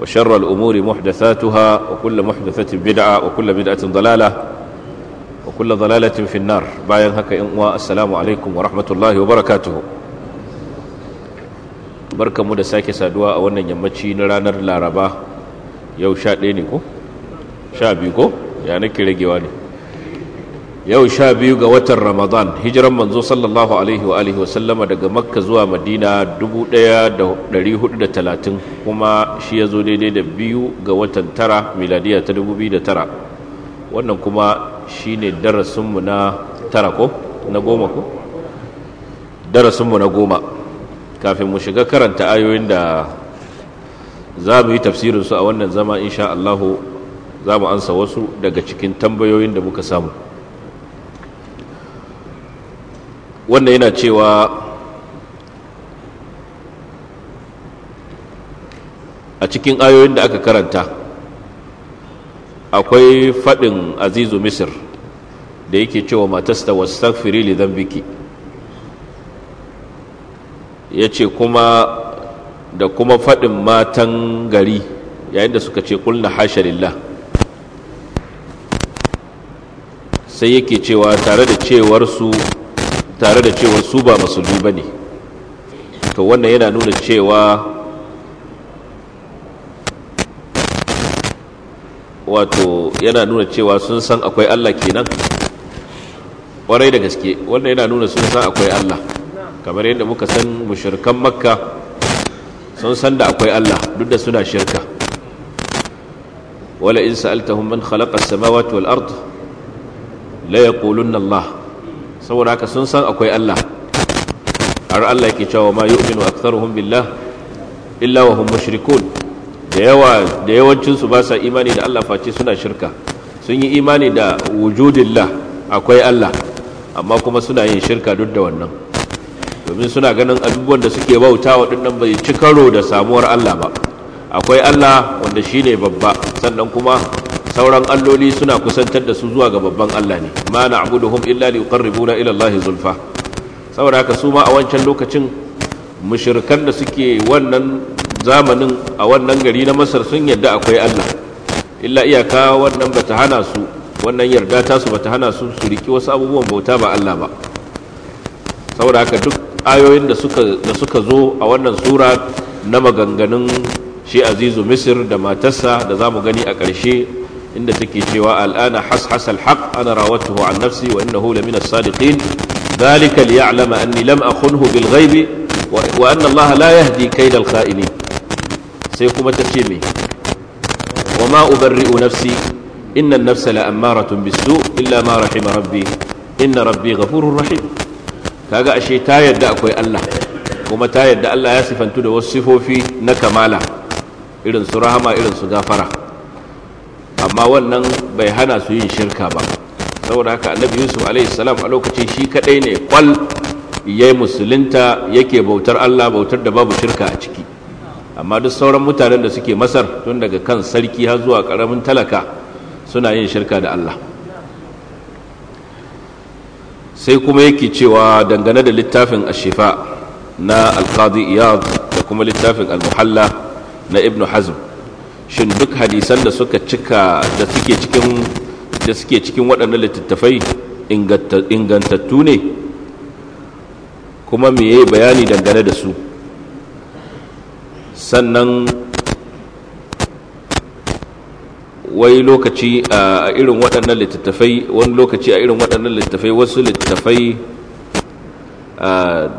وشر الأمور محدثاتها وكل محدثة بدعة وكل بدعة ضلالة وكل ضلالة في النار باين هكا السلام عليكم ورحمة الله وبركاته barka mu da sake saduwa a wannan yammaci na ranar laraba yau sha ɗaya ne ko? sha biyu ko? ya nake ragewa ne yau sha biyu ga watan ramadan hijiran manzo sallallahu alaihi wa alihi wasallama daga makka zuwa madina 1430 kuma shi ya zo daidai da biyu ga watan tara miladiya ta 2009 wannan kuma shi ne darasinmu na tara ko na goma ko darasinmu na goma kafin mu shiga karanta ayoyin da za mu yi tafsirinsu a wannan zama insha Allahu za mu ansa wasu daga cikin tambayoyin da muka samu Wannan yana cewa a cikin ayoyin da aka karanta akwai faɗin azizu misir da yake cewa matasta zan biki ya ce kuma da kuma faɗin matan gari yayin da suka ce kulna hasha lilla, sai yake cewa tare da cewarsu. tare da cewa su ba musulmi ba ne to wannan yana nuna cewa wato yana nuna cewa sun san akwai Allah kenan ƙwarai da gaske wannan yana nuna sun san akwai Allah kamar yadda muka san mushirkan makka sun san da akwai Allah duk da suna shirka wala in sa'altahum man khalaqa as-samawati wal ard la yaqulunna Allah saboda haka sun san akwai Allah har Allah yake cewa ma yu'minu aktharuhum billah illa wa hum mushrikun da yawa da yawancin su ba sa imani da Allah face suna shirka sun yi imani da wujudillah akwai Allah amma kuma suna yin shirka duk da wannan domin suna ganin abubuwan da suke bauta waɗannan bai ci karo da samuwar Allah ba akwai Allah wanda shine babba sannan kuma sauran alloli suna kusantar da su zuwa ga babban Allah ne ma na'buduhum illa liqarribuna ila Allah zulfa saboda haka su ma a wancan lokacin mushrikan da suke wannan zamanin a wannan gari na Masar sun yarda akwai Allah illa iyaka wannan bata hana su wannan yarda ta su bata hana su su riki wasu abubuwan bauta ba Allah ba saboda haka duk ayoyin da suka da suka zo a wannan sura na maganganun shi azizu misir da matarsa da za mu gani a ƙarshe inda take cewa al'ana has hasal haq ana rawatuhu an nafsi wa innahu la min as-sadiqin dhalika liya'lama anni lam akhunhu bil ghaibi wa anna Allah la yahdi kayda al-kha'inin sai kuma ta ce me wa ma ubarri'u nafsi inna an-nafsa la ammaratun bis-su' illa ma rahima rabbi inna rabbi ghafurur rahim kaga ashe ta yadda akwai Allah kuma ta yadda Allah ya sifantu da wasu sifofi na kamala irin su rahama irin su gafara amma wannan bai hana su yin shirka ba saboda haka annabi yusuf salam a lokacin shi kadai ne kwal ya musulunta yake bautar allah bautar da babu shirka a ciki amma duk sauran mutanen da suke masar tun daga kan sarki har zuwa karamin talaka suna yin shirka da allah sai kuma yake cewa dangane da littafin ashifa na alkadi iyad da kuma littafin almuhalla na ibnu hazm shin duk hadisan da suka cika da suke cikin da suke cikin waɗannan littattafai ingantattu ne kuma me yayi bayani dangane da su sannan wai lokaci a irin waɗannan littattafai wani lokaci a irin waɗannan littattafai wasu littattafai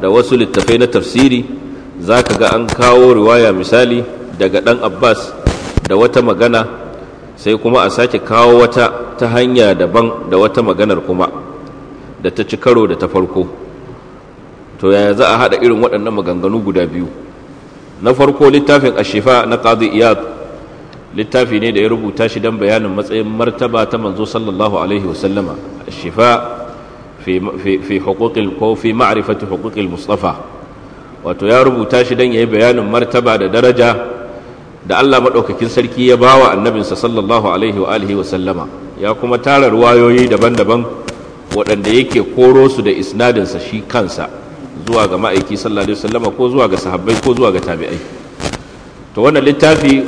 da wasu littattafai na tafsiri za ka ga an kawo riwaya misali daga ɗan abbas da wata magana sai kuma a sake kawo wata ta hanya daban da wata maganar kuma da ta ci karo da ta farko to yaya za a haɗa irin waɗannan maganganu guda biyu na farko littafin ashifa na qadi iyad littafi ne da ya rubuta shi don bayanin matsayin martaba ta manzo sallallahu alaihi wasallama ashifa fi huquqil ko fi ma'rifati mustafa wato ya rubuta shi don yayi bayanin martaba da daraja da Allah maɗaukakin sarki ya bawa annabinsa sallallahu alaihi wa alihi wa sallama ya kuma tara ruwayoyi daban-daban waɗanda yake koro su da isnadinsa shi kansa zuwa ga ma'aiki sallallahu alaihi wa sallama ko zuwa ga sahabbai ko zuwa ga tabi'ai to wannan littafi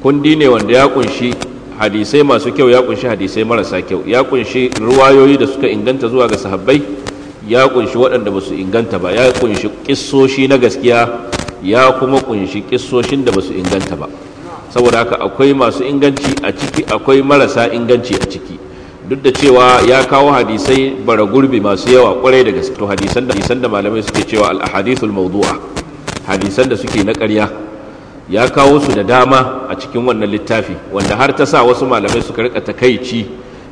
kundi ne wanda ya kunshi hadisai masu kyau ya kunshi hadisai marasa kyau ya kunshi ruwayoyi da suka inganta zuwa ga sahabbai ya kunshi waɗanda ba su inganta ba ya kunshi kissoshi na gaskiya ya kuma kunshi kissoshin da basu inganta ba saboda haka akwai masu inganci a ciki akwai marasa inganci a ciki duk da cewa ya kawo hadisai bara gurbi masu yawa kwarai da gaske to hadisan da hadisan da malamai suke cewa al ahadithul mawdu'a hadisan da suke na ƙarya ya kawo su da dama a cikin wannan littafi wanda har ta sa wasu malamai suka rika takaici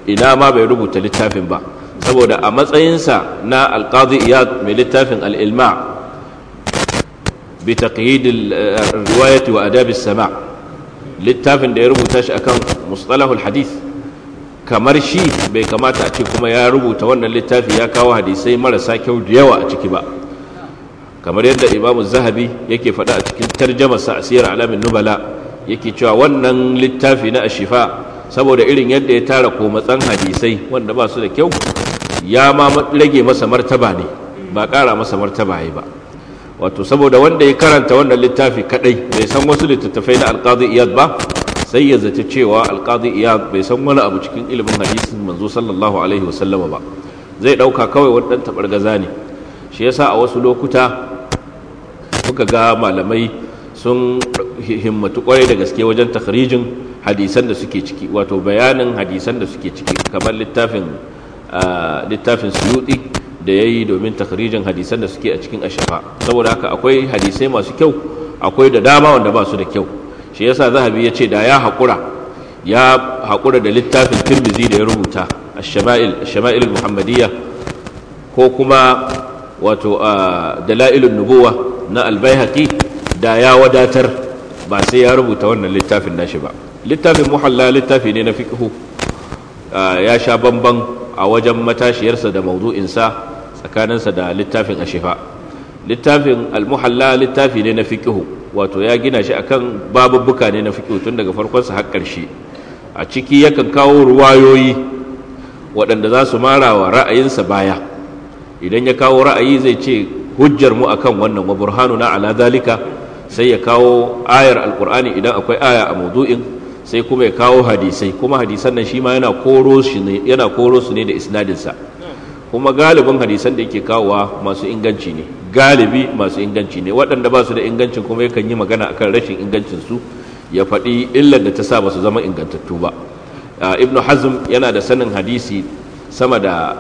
ina ma bai rubuta littafin ba saboda a matsayinsa na alqadi iyad mai littafin al ilma bi taqyid riwayati wa adab littafin da ya rubuta shi akan mustalahul hadith kamar shi bai kamata a ce kuma ya rubuta wannan littafi ya kawo hadisai marasa kyau da yawa a ciki ba kamar yadda imam zahabi yake faɗa a cikin tarjamarsa a siyar alamin nubala yake cewa wannan littafi na ashifa saboda irin yadda ya tara komatsan hadisai wanda ba su da kyau ya ma rage masa martaba ne ba ƙara masa martaba ba wato saboda wanda ya karanta wannan littafi kadai bai san wasu littattafai na alqadi iyad ba sai ya zaci cewa alqadi iyad bai san wani abu cikin ilimin hadisin manzo sallallahu alaihi wasallama ba zai dauka kawai wani dan tabargaza ne shi yasa a wasu lokuta kuka ga malamai sun himmatu kwarai da gaske wajen takhrijin hadisan da suke ciki wato bayanin hadisan da suke ciki kamar littafin ah, littafin suyuti da ya yi domin takrijin hadisan da suke a cikin ashafa saboda haka akwai hadisai masu kyau akwai da dama wanda ba su da kyau shi yasa zahabi ya ce da ya haƙura ya haƙura da littafin tirmizi da ya rubuta ashama'il ashama'il muhammadiyya ko kuma wato dalailun nubuwa na albaihaki da ya wadatar ba sai ya rubuta wannan littafin nashi ba littafin muhalla littafi ne na fiqhu ya sha bamban a wajen matashiyarsa da mawdu'insa tsakaninsa da littafin ashifa littafin almuhalla littafi ne na fikihu wato ya gina shi akan babubbuka ne na fikihu tun daga farkonsa har ƙarshe a ciki yakan kawo ruwayoyi waɗanda za su mara ra'ayinsa baya idan ya kawo ra'ayi zai ce hujjar mu akan wannan wa burhanu na ala zalika sai ya kawo ayar alqur'ani idan akwai aya a mawdu'in sai kuma ya kawo hadisai kuma hadisan nan shi ma yana koro su ne da isnadinsa kuma galibin hadisan da yake kawowa masu inganci ne galibi masu inganci ne waɗanda ba su da ingancin kuma yakan yi magana akan rashin ingancin su ya faɗi illar da ta sa ba su zama ingantattu ba ibnu hazm yana da sanin hadisi sama da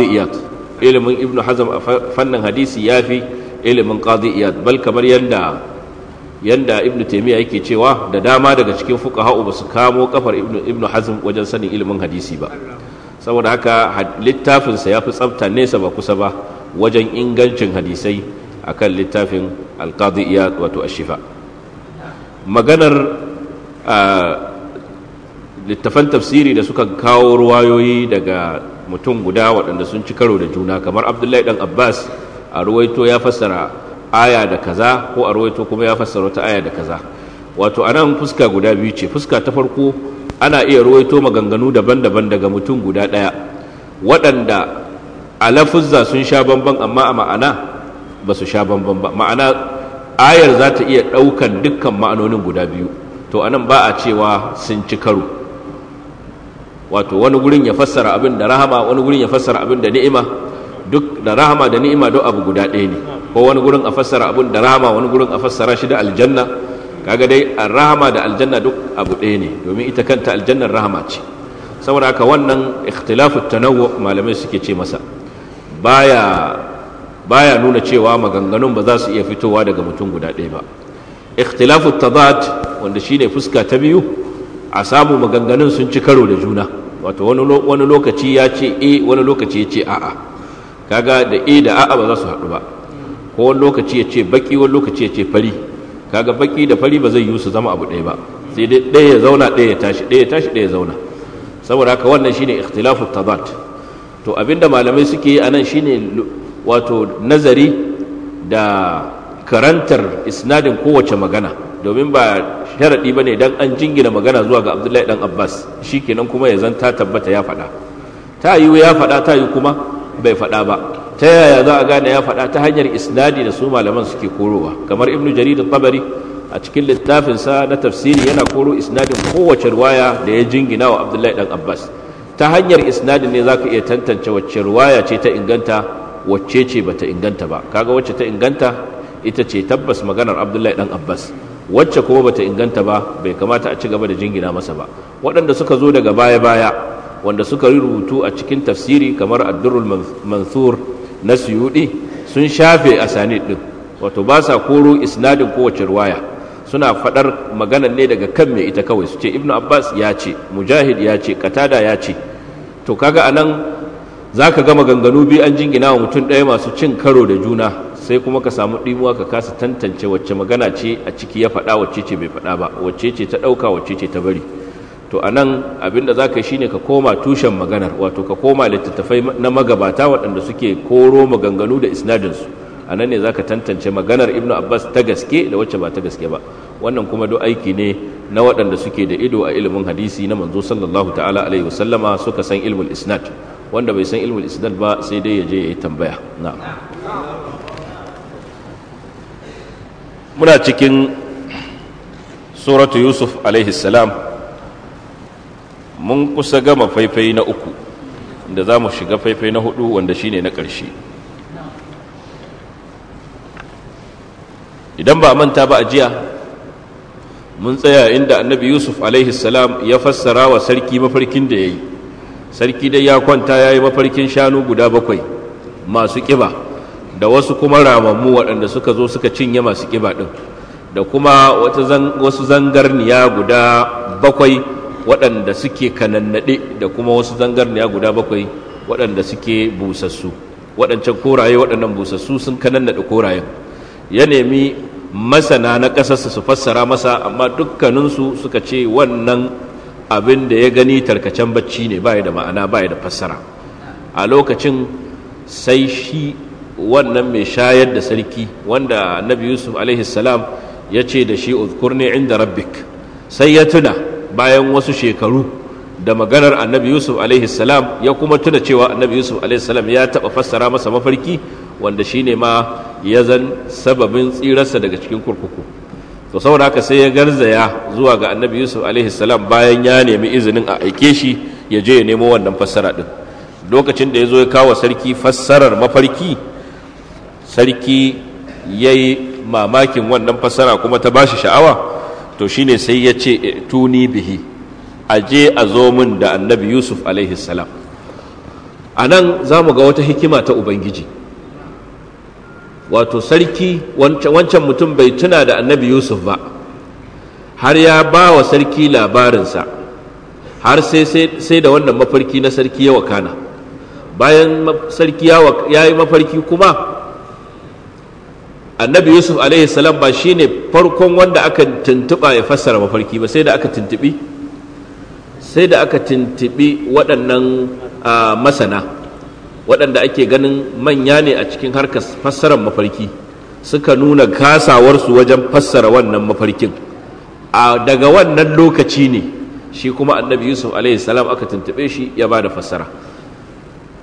iyad ilimin ibnu hazm a fannin hadisi ya fi ilimin iyad bal kamar yanda yanda ibnu taymiya yake cewa da dama daga cikin fuqaha ba su kamo kafar ibnu hazm wajen sanin ilimin hadisi ba saboda haka littafinsa ya fi tsafta nesa ba kusa ba wajen ingancin hadisai a kan littafin alqadiyya wato ashifa maganar littafan tafsiri da suka kawo ruwayoyi daga mutum guda waɗanda sun ci karo da juna kamar abdullahi dan abbas a ruwaito ya fassara aya da kaza ko a ruwaito kuma ya fassara wata aya da kaza wato a nan fuska guda biyu ce fuska ta farko ana iya ruwaito maganganu daban-daban daga mutum guda ɗaya waɗanda a lafuzza sun sha bamban amma a ma'ana ba su sha bamban ba ma'ana ayar za ta iya ɗaukan dukkan ma'anonin guda biyu to anan ba a cewa sun ci karo wato wani gurin ya fassara abin da rahama wani gurin ya fassara abin da ni'ima duk da rahama da ni'ima duk abu guda ɗaya ne ko wani gurin a fassara abin da rahama wani gurin a fassara shi da aljanna kaga dai rahama da aljanna duk abu ɗaya ne domin ita kanta aljannar rahama ce saboda haka wannan ikhtilafu tanawwu malamai suke ce masa baya baya nuna cewa maganganun ba za su iya fitowa daga mutum guda ɗaya ba ikhtilafu tadad wanda shine fuska ta biyu a samu maganganun sun ci karo da juna wato wani lokaci ya ce a wani lokaci ya ce a'a kaga da a da a'a ba za su haɗu ba ko wani lokaci ya ce baki wani lokaci ya ce fari kaga baki da fari ba zai yi su zama abu ɗaya ba sai dai ɗaya ya zauna ɗaya ya tashi ɗaya ya tashi ɗaya ya zauna saboda haka wannan shine ikhtilafu tabat to abinda malamai suke yi anan shine wato nazari da karantar isnadin kowace magana domin ba sharaɗi ba ne an jingina magana zuwa ga abdullahi dan abbas shi kenan kuma ya zanta tabbata ya faɗa ta yiwu ya faɗa ta yi kuma bai faɗa ba ta yaya za a gane ya faɗa ta hanyar isnadi da su malaman suke korowa kamar ibnu jarir tabari a cikin littafinsa na tafsiri yana koro isnadin kowace ruwaya da ya jingina wa abdullahi dan abbas ta hanyar isnadin ne zaka iya tantance wacce ruwaya ce ta inganta wacce ce bata inganta ba kaga wacce ta inganta ita ce tabbas maganar abdullahi dan abbas wacce kuma bata inganta ba bai kamata a ci gaba da jingina masa ba waɗanda suka zo daga baya baya wanda suka rubutu a cikin tafsiri kamar addurul mansur na suyuɗi sun shafe a asanid ɗin wato ba sa koro isnadin kowace ruwaya suna faɗar maganar ne daga kan mai ita kawai su ce ibnu abbas ya ce mujahid ya ce katada ya ce to kaga a nan za ka gama ganganu biyu an jingina wa mutum ɗaya masu cin karo da juna sai kuma ka samu ɗimuwa ka kasa tantance wacce magana ce a ciki ya faɗa wacce ce bai faɗa ba wacce ce ta ɗauka wacce ce ta bari to a nan abinda za ka yi shine ka koma tushen maganar wato ka koma littattafai na magabata waɗanda suke koro maganganu da isnadinsu a nan ne za ka tantance maganar ibnu abbas ta gaske da wacce ba ta gaske ba wannan kuma duk aiki ne na waɗanda suke da ido a ilimin hadisi na manzo sallallahu ta'ala alaihi wasallama suka san ilmul isnad wanda bai san ilmul isnad ba sai dai ya je ya yi tambaya muna cikin suratu yusuf alaihi salam mun kusa gama faifai na uku da za mu shiga faifai na hudu wanda shi ne na ƙarshe idan ba manta ba a jiya mun tsaya inda annabi yusuf salam ya fassara wa sarki mafarkin da ya yi sarki dai ya kwanta ya yi mafarkin shanu guda bakwai masu ƙiba da wasu kuma ramammu waɗanda suka zo suka cinye masu ƙiba ɗin da kuma wasu zangarniya guda bakwai waɗanda suke kanannaɗe da kuma wasu zangarniya guda bakwai waɗanda suke busassu waɗancan koraye waɗannan busassu sun kanannaɗe korayen ya nemi masana na ƙasarsa su fassara masa amma dukkaninsu suka ce wannan abin da ya gani tarkacen bacci ne baya da ma'ana baya da fassara a lokacin sai shi wannan mai shayar da sarki wanda annabi yusuf alaihi salam ya ce da shi uzkurni inda rabbik sai ya tuna bayan wasu shekaru da maganar annabi yusuf alaihi salam ya kuma tuna cewa annabi yusuf alaihi salam ya taɓa fassara masa mafarki wanda shi ne ma ya zan sababin tsirarsa daga cikin kurkuku to saboda haka sai ya garzaya zuwa ga annabi yusuf alaihi salam bayan ya nemi izinin a aike shi ya je ya nemo wannan fassara din lokacin da ya zo ya kawo sarki fassarar mafarki sarki ya yi mamakin wannan fassara kuma ta ba shi sha'awa to shine sai ya ce eh, tuni bihi a je a zo min da annabi yusuf alaihi salam a nan za mu ga wata hikima ta ubangiji wato sarki wancan mutum bai tuna da annabi yusuf ba har ya ba wa sarki labarinsa har sai da wannan mafarki na sarki ya wakana bayan sarki ya yi mafarki kuma annabi yusuf alaihi salam ba shine farkon wanda aka tuntuɓa ya fassara mafarki ba sai da aka tuntuɓi. sai da aka tuntuɓi waɗannan masana waɗanda ake ganin manya ne a cikin harkar fassarar mafarki suka nuna kasawarsu wajen fassara wannan mafarkin a daga wannan lokaci ne shi kuma annabi yusuf alaihi salam aka tuntuɓe shi ya ba da fassara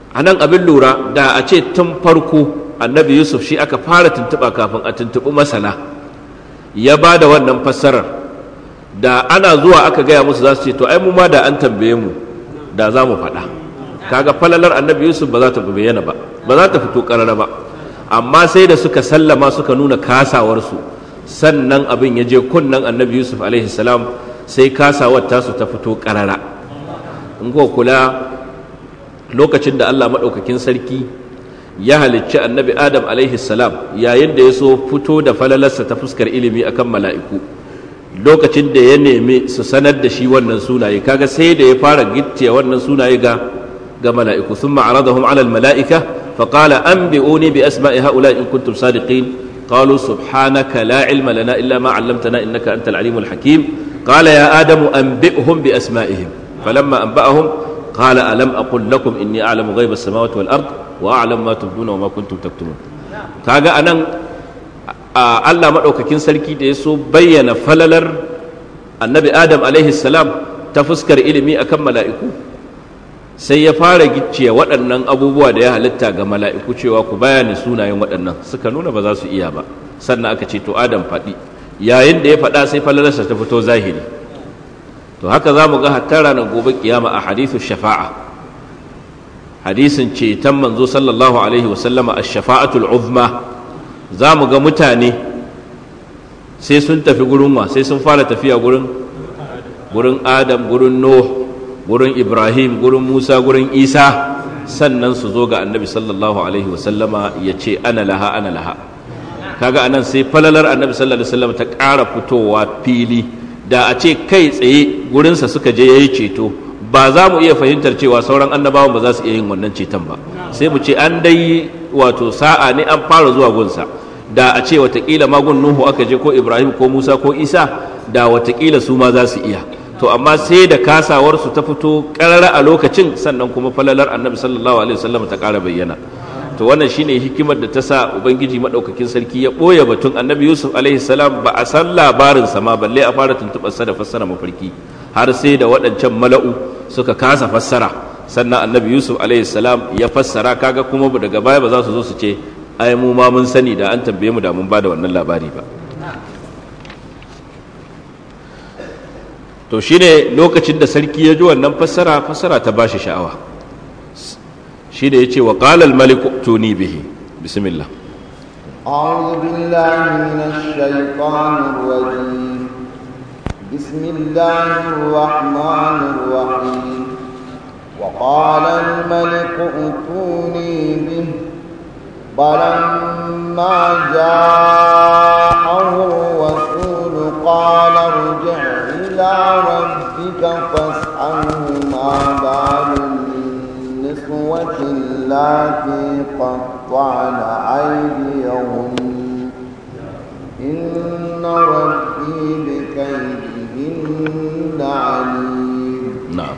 a nan abin lura da a ce tun farko annabi yusuf shi aka fara tuntuɓa kafin a tuntuɓi masana ya ba da wannan fassarar da ana zuwa aka gaya musu za su ce to ai mu ma da an tambaye mu da za mu faɗa kaga falalar annabi yusuf ba za ta bayyana ba ba za ta fito ƙarara ba amma sai da suka sallama suka nuna kasawarsu sannan abin ya je kunnan annabi yusuf alaihi salam sai kasawar tasu ta fito ƙarara in kula lokacin da allah maɗaukakin sarki ya halicci annabi adam alaihi salam yayin da ya so fito da falalarsa ta fuskar ilimi akan mala'iku lokacin da ya nemi su sanar da shi wannan sunaye kaga sai da ya fara gittiya wannan sunaye ga ga mala'iku thumma aradahum alal malaika faqala anbi'uni bi asma'i ha'ula'i in kuntum sadiqin qalu subhanaka la ilma lana illa ma 'allamtana innaka antal alimul hakim qala ya adamu anbi'hum bi asma'ihim falamma anba'ahum qala alam aqul lakum inni a'lamu ghaiba as-samawati wal ardh wa a'lam ma tubduna wa ma kuntum taktumun kaga anan Allah madaukakin sarki da ya so bayyana falalar annabi Adam alaihi salam ta fuskar ilimi akan mala'iku sai ya fara gicciye waɗannan abubuwa da ya halitta ga mala'iku cewa ku bayani sunayen waɗannan suka nuna ba za su iya ba sannan aka ce to Adam faɗi yayin da ya faɗa sai falalarsa ta fito zahiri to haka za mu ga hattara na gobe kiyama a hadithu shafa'a hadisin ceton manzo sallallahu alaihi wasallama ash-shafa'atul uzma za mu ga mutane sai sun tafi gurin wa sai sun fara tafiya gurin gurin adam gurin nuh gurin ibrahim gurin musa gurin isa sannan su zo ga annabi sallallahu alaihi wasallama ya ce ana laha ana laha kaga anan sai falalar annabi sallallahu alaihi wasallama ta ƙara fitowa fili da a ce kai tsaye gurinsa suka je ya yi ceto ba za mu iya fahimtar cewa sauran annabawan ba za su iya yin wannan ceton ba sai mu ce an dai wato sa'a ne an fara zuwa gunsa da a ce watakila magun nuhu aka je ko ibrahim ko musa ko isa da watakila su ma za su iya to amma sai da kasawarsu ta fito karara a lokacin sannan kuma falalar annabi sallallahu alaihi wasallam ta kara bayyana to wannan shine hikimar da ta sa ubangiji madaukakin sarki ya boye batun annabi yusuf alaihi salam ba a san labarinsa ma balle a fara tuntuɓarsa da fassara mafarki har sai da waɗancan mala'u suka kasa fassara sannan annabi yusuf salam ya fassara kaga kuma daga baya ba za su zo su ce ai mu ma mun sani da an tambaye mu da mun ba da wannan labari ba to shine lokacin da sarki ya ji wannan fassara fassara ta ba shi sha'awa shine yace wa qala malik tuni bihi bismillah أعوذ بالله من الشيطان الرجيم بسم الله الرحمن الرحيم وقال الملك اتوني به فلما جاءه الرسول قال ارجع إلى ربك فاسأله ما بال النسوة التي قطعن أيديهن إن ربي بكيد عليم نعم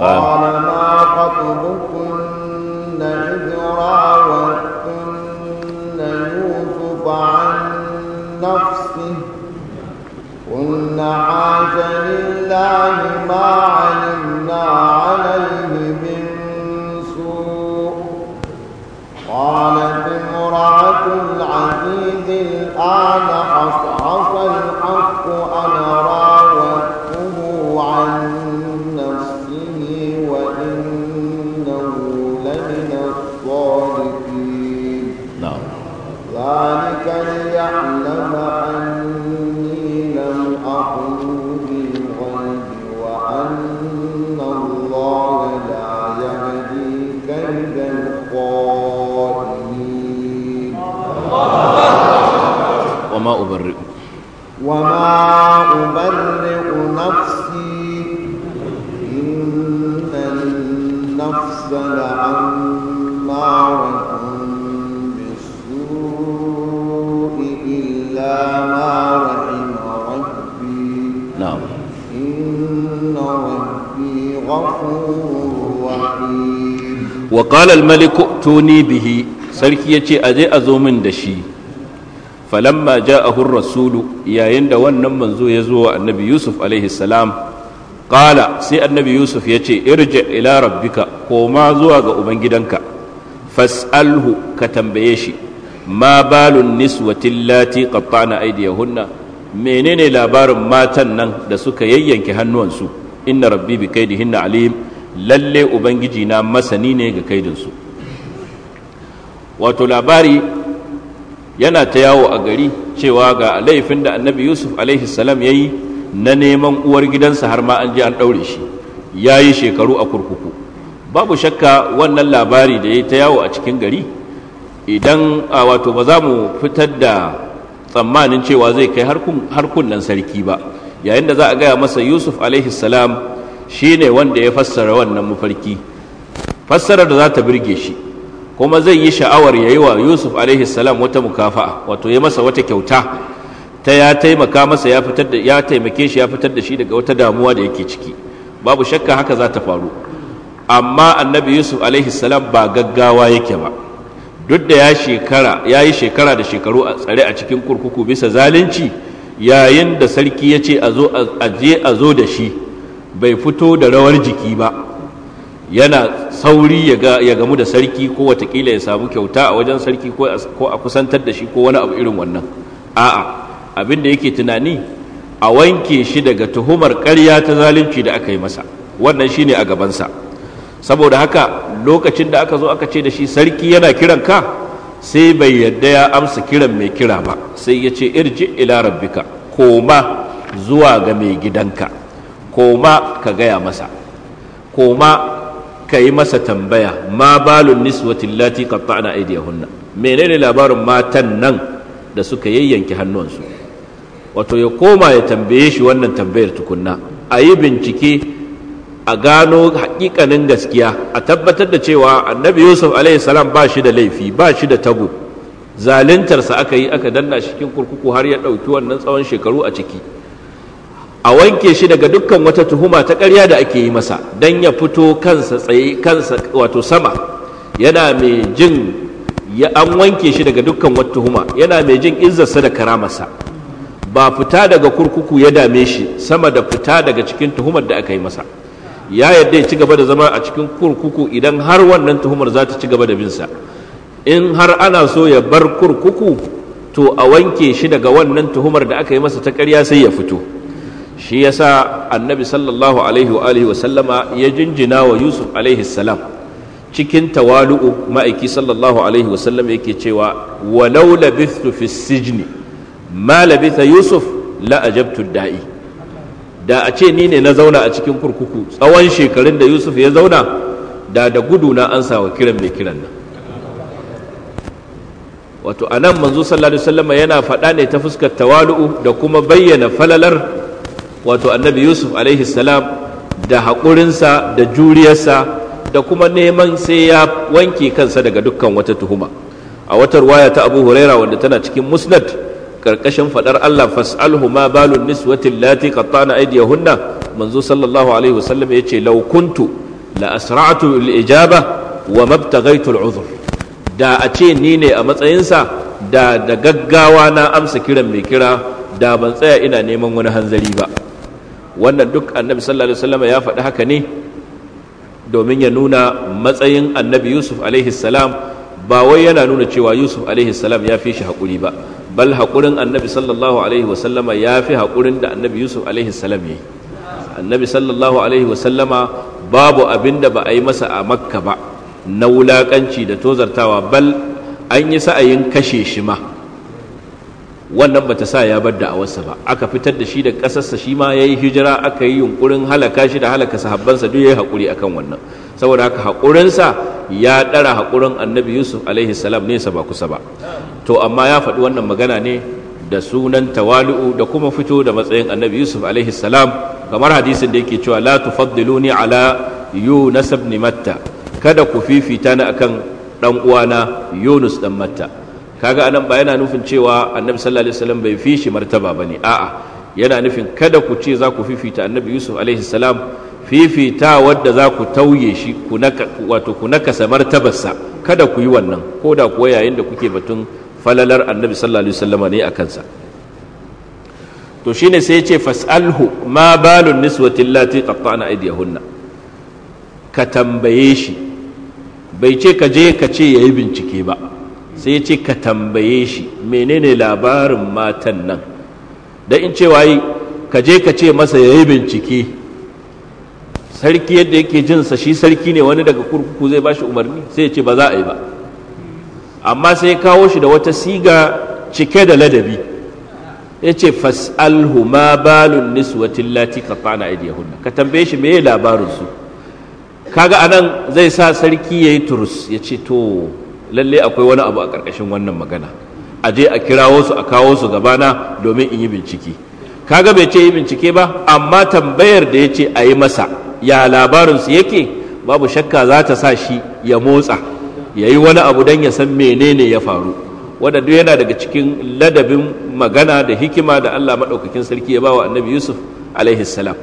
قال, قال ما خطبكن إذ راوتن يوسف عن نفسه قلنا عاش لله ما علمنا عليه من سوء قالت امرأة العزيز الآن حصحص الحق أنا رأى qala al-malik tuni bihi sarki yace aje a zo min da shi falamma ja'ahu ar-rasul yayin da wannan manzo ya zo wa annabi yusuf alaihi salam sai annabi yusuf yace irji ila ka koma zuwa ga ubangidanka fas'alhu ka tambaye shi ma balun niswatin lati qatta'na aydiyahunna menene labarin matan nan da suka yayyanke hannuwansu inna rabbi bi kaidihinna alim lalle ubangiji na masani ne ga kaidinsu wato labari yana ta yawo a gari cewa ga laifin da annabi yusuf alaihi salam ya yi na neman uwar gidansa har ma an je an ɗaure shi ya yi shekaru a kurkuku babu shakka wannan labari da ya ta yawo a cikin gari idan a wato ba za mu fitar da tsammanin cewa zai kai harkunan sarki ba yayin da za a gaya masa yusuf alaihi salam Shi ne wanda ya fassara wannan mafarki fassarar da za ta birge shi kuma zai yi sha'awar ya yi wa yusuf salam wata mukafa'a wato ya masa wata kyauta ta ya taimaka masa ya taimake shi ya fitar da shi daga wata damuwa da yake ciki babu shakka haka za ta faru amma annabi yusuf salam ba gaggawa yake ba duk da ya shekara yi shekara da shekaru a tsare a cikin kurkuku bisa zalunci yayin da sarki ya ce a je a zo da shi bai fito da rawar jiki ba yana sauri ya gamu da sarki ko watakila ya samu kyauta a wajen sarki ko a kusantar da shi ko wani abu irin wannan a'a abin da yake tunani a wanke shi daga tuhumar ƙarya ta zalunci da aka yi masa wannan shi ne a gabansa saboda haka lokacin da aka zo aka ce da shi sarki yana kiran ka sai bai yadda ya amsa kiran mai kira ba sai ya ce irji ila rabbika koma zuwa ga mai gidanka koma ka gaya masa koma ka yi masa tambaya ma balun niswatin lati qatta'na aydiyahunna menene labarin matan nan da suka yayyanki hannuwansu wato ya koma ya tambaye shi wannan tambayar tukunna a yi bincike a gano hakikanin gaskiya a tabbatar da cewa annabi yusuf salam ba shi da laifi ba shi da tabo zaluntarsa aka yi aka danna shi cikin kurkuku har ya ɗauki wannan tsawon shekaru a ciki a wanke shi daga dukkan wata tuhuma ta ƙarya da ake yi masa don ya fito kansa tsaye kansa wato sama yana mai jin ya an wanke shi daga dukkan wata tuhuma yana mai jin izzarsa da karamarsa ba fita daga kurkuku ya dame shi sama da fita daga cikin tuhumar da aka yi masa ya yadda ya ci gaba da zama a cikin kurkuku idan har wannan tuhumar za ta ci gaba da binsa in har ana so ya bar kurkuku to a wanke shi daga wannan tuhumar da aka yi masa ta ƙarya sai ya fito shi ya sa annabi sallallahu alaihi wa alihi wa sallama ya jinjina wa yusuf alaihi salam cikin tawalu'u ma'aiki sallallahu alaihi wa sallam yake cewa walau labithtu fi sijni ma labitha yusuf la ajabtu da'i da a ce ni ne na zauna a cikin kurkuku tsawon shekarun da yusuf ya zauna da da gudu na ansa wa kiran mai kiran nan wato anan manzo sallallahu alaihi wasallam yana faɗa ne ta fuskar tawalu'u da kuma bayyana falalar wato annabi yusuf alaihi salam da haƙurinsa da juriyarsa da kuma neman sai ya wanke kansa daga dukkan wata tuhuma a watar waya ta abu huraira wanda tana cikin musnad karkashin fadar allah fas'alhu ma balun niswatin lati qattana aydiyahunna manzo sallallahu alaihi wasallam yace law kuntu la asra'tu al ijaba wa mabtaghaytu al udhr da a ce ni ne a matsayinsa da da gaggawa na amsa kiran mai kira da ban tsaya ina neman wani hanzari ba wannan duk annabi sallallahu alaihi wasallam ya faɗi haka ne domin ya nuna matsayin annabi yusuf alaihi salam ba wai yana nuna cewa yusuf alaihi salam ya fi shi haƙuri ba bal haƙurin annabi sallallahu alaihi wasallama ya fi haƙurin da annabi yusuf alaihi salam ya yi annabi sallallahu alaihi wasallama babu abin da ba a yi masa a makka ba na wulaƙanci da tozartawa bal an yi sa'ayin kashe shi ma wannan bata sa ya bar da'awarsa ba aka fitar da shi da ƙasarsa shi ma ya yi hijira aka yi yunkurin halaka shi da halaka sahabbansa duk ya yi haƙuri a kan wannan saboda haka haƙurinsa ya ɗara haƙurin annabi yusuf alaihi salam nesa ba kusa ba to amma ya faɗi wannan magana ne da sunan tawali'u da kuma fito da matsayin annabi yusuf alaihi kamar hadisin da yake cewa la tufaddiluni ala yunus ibn matta kada ku fifita ni akan dan uwana yunus dan matta kaga anan ba yana nufin cewa annabi sallallahu alaihi wasallam bai fi shi martaba bane a'a yana nufin kada ku ce za ku fifita annabi yusuf alaihi salam fifita wadda za ku tauye shi wato ku nakasa martabarsa kada ku yi wannan ko da kuwa yayin da kuke batun falalar annabi sallallahu alaihi wasallama ne akan sa to shine sai ya ce fasalhu ma balun niswati allati qatta'na aydiyahunna ka tambaye shi bai ce ka je ka ce yayi bincike ba sai ya ce ka tambaye shi menene labarin matan nan da in ce wayi ka je ka ce masa ya yi bincike sarki yadda yake sa shi sarki ne wani daga kurkuku zai ba shi umarni sai ya ce ba za a yi ba amma sai ya kawo shi da wata siga cike da ladabi ya ce fas'alhu ma balun niswatin lati ka fana aidiyahunna ka tambaye shi meye labarinsu kaga anan zai sa sarki ya yi turus ya ce to lalle akwai wani abu a ƙarƙashin wannan magana a je a kirawo su a kawo su gabana domin in yi bincike kaga bai ce yi bincike ba amma tambayar da ya ce a yi masa ya labarinsu yake babu shakka za ta sa shi ya motsa ya yi wani abu don ya san menene ya faru wanda duk yana daga cikin ladabin magana da hikima da Allah maɗaukakin sarki ya ba wa annabi Yusuf alaihi salam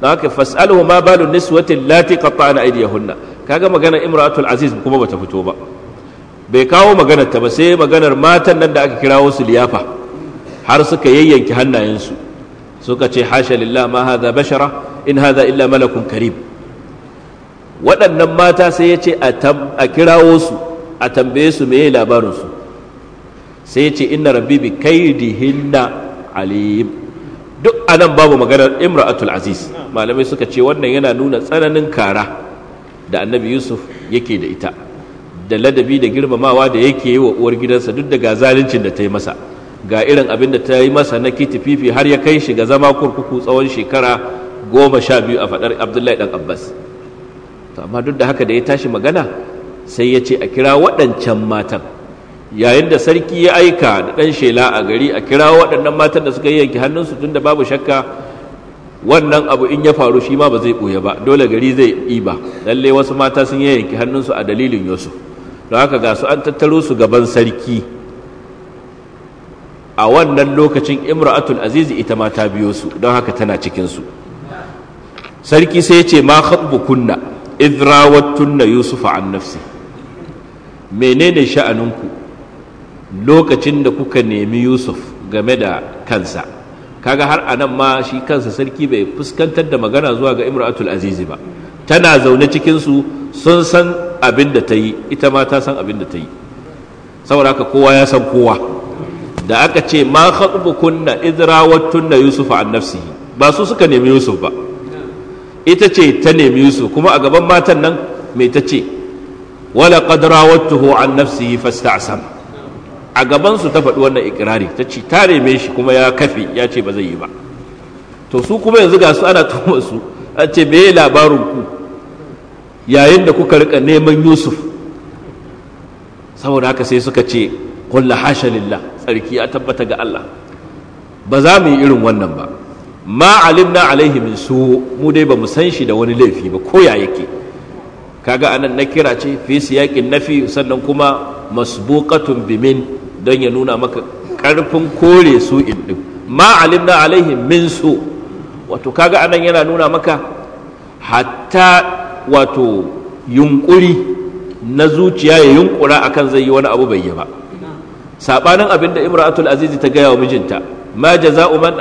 don haka fas'aluhu ma balu niswatin lati qatta'na aydiyahunna kaga magana imratul aziz kuma bata fito ba bai kawo maganar ta ba sai maganar matan nan da aka kirawo su liyafa har suka yayyanki hannayensu suka ce hasha lillah ma hadha bashara in hadha illa malakun karim waɗannan mata sai ya ce a kirawo su a tambaye su me labarin su sai ya ce inna rabbi bi kaidihinna alim duk a nan babu maganar imra'atul aziz malamai suka ce wannan yana nuna tsananin kara da annabi yusuf yake da ita da ladabi da girmamawa da yake yi wa uwar gidansa duk da ga zaluncin da ta yi masa ga irin abin da ta yi masa na kiti fifi har ya kai shi ga zama kurkuku tsawon shekara goma sha biyu a faɗar abdullahi ɗan abbas to amma duk da haka da ya tashi magana sai ya ce a kira waɗancan matan yayin da sarki ya aika da ɗan shela a gari a kira waɗannan matan da suka yi yanki hannunsu tunda babu shakka wannan abu in ya faru shi ma ba zai ɓoye ba dole gari zai ɗiba lalle wasu mata sun yi yanki hannunsu a dalilin yusuf don haka ga su an tattaro su gaban sarki a wannan lokacin imra'atul azizi ita ma ta biyo su don haka tana cikinsu sarki sai ya ce ma kunna idrawattunna yusufa an nafsi menene sha'aninku lokacin da kuka nemi yusuf game da kansa kaga har anan ma shi kansa sarki bai fuskantar da magana zuwa ga imra'atul azizi ba tana zaune cikinsu sun san abin da ta yi ita ma ta san abin da ta yi saboda haka kowa ya san kowa da aka ce ma kunna idrawattunna yusuf an nafsihi ba su suka nemi yusuf ba ita ce ta nemi yusuf kuma a gaban matan nan me ta ce wala qad rawattuhu an nafsihi fasta'sam a gaban su ta faɗi wannan ikirari ta ce ta neme shi kuma ya kafe ya ce ba zai yi ba to su kuma yanzu ga su ana tuhumar su an ce me labarin ku yayin da kuka rika neman yusuf saboda haka sai suka ce kulla hasha lillah tsarki a tabbata ga allah ba za mu yi irin wannan ba ma alimna alaihi min su mu dai ba mu san shi da wani laifi ba ko ya yake kaga anan na kira ce fi siyaƙin nafi sannan kuma masbuqatun bimin don ya nuna maka karfin kore su din ma alimna alaihi min su wato kaga anan yana nuna maka hatta wato yunkuri na zuciya ya yunkura akan zai yi wani abu bai yi ba saɓanin abinda imra'atul azizi ta gaya wa mijinta ma jaza'u man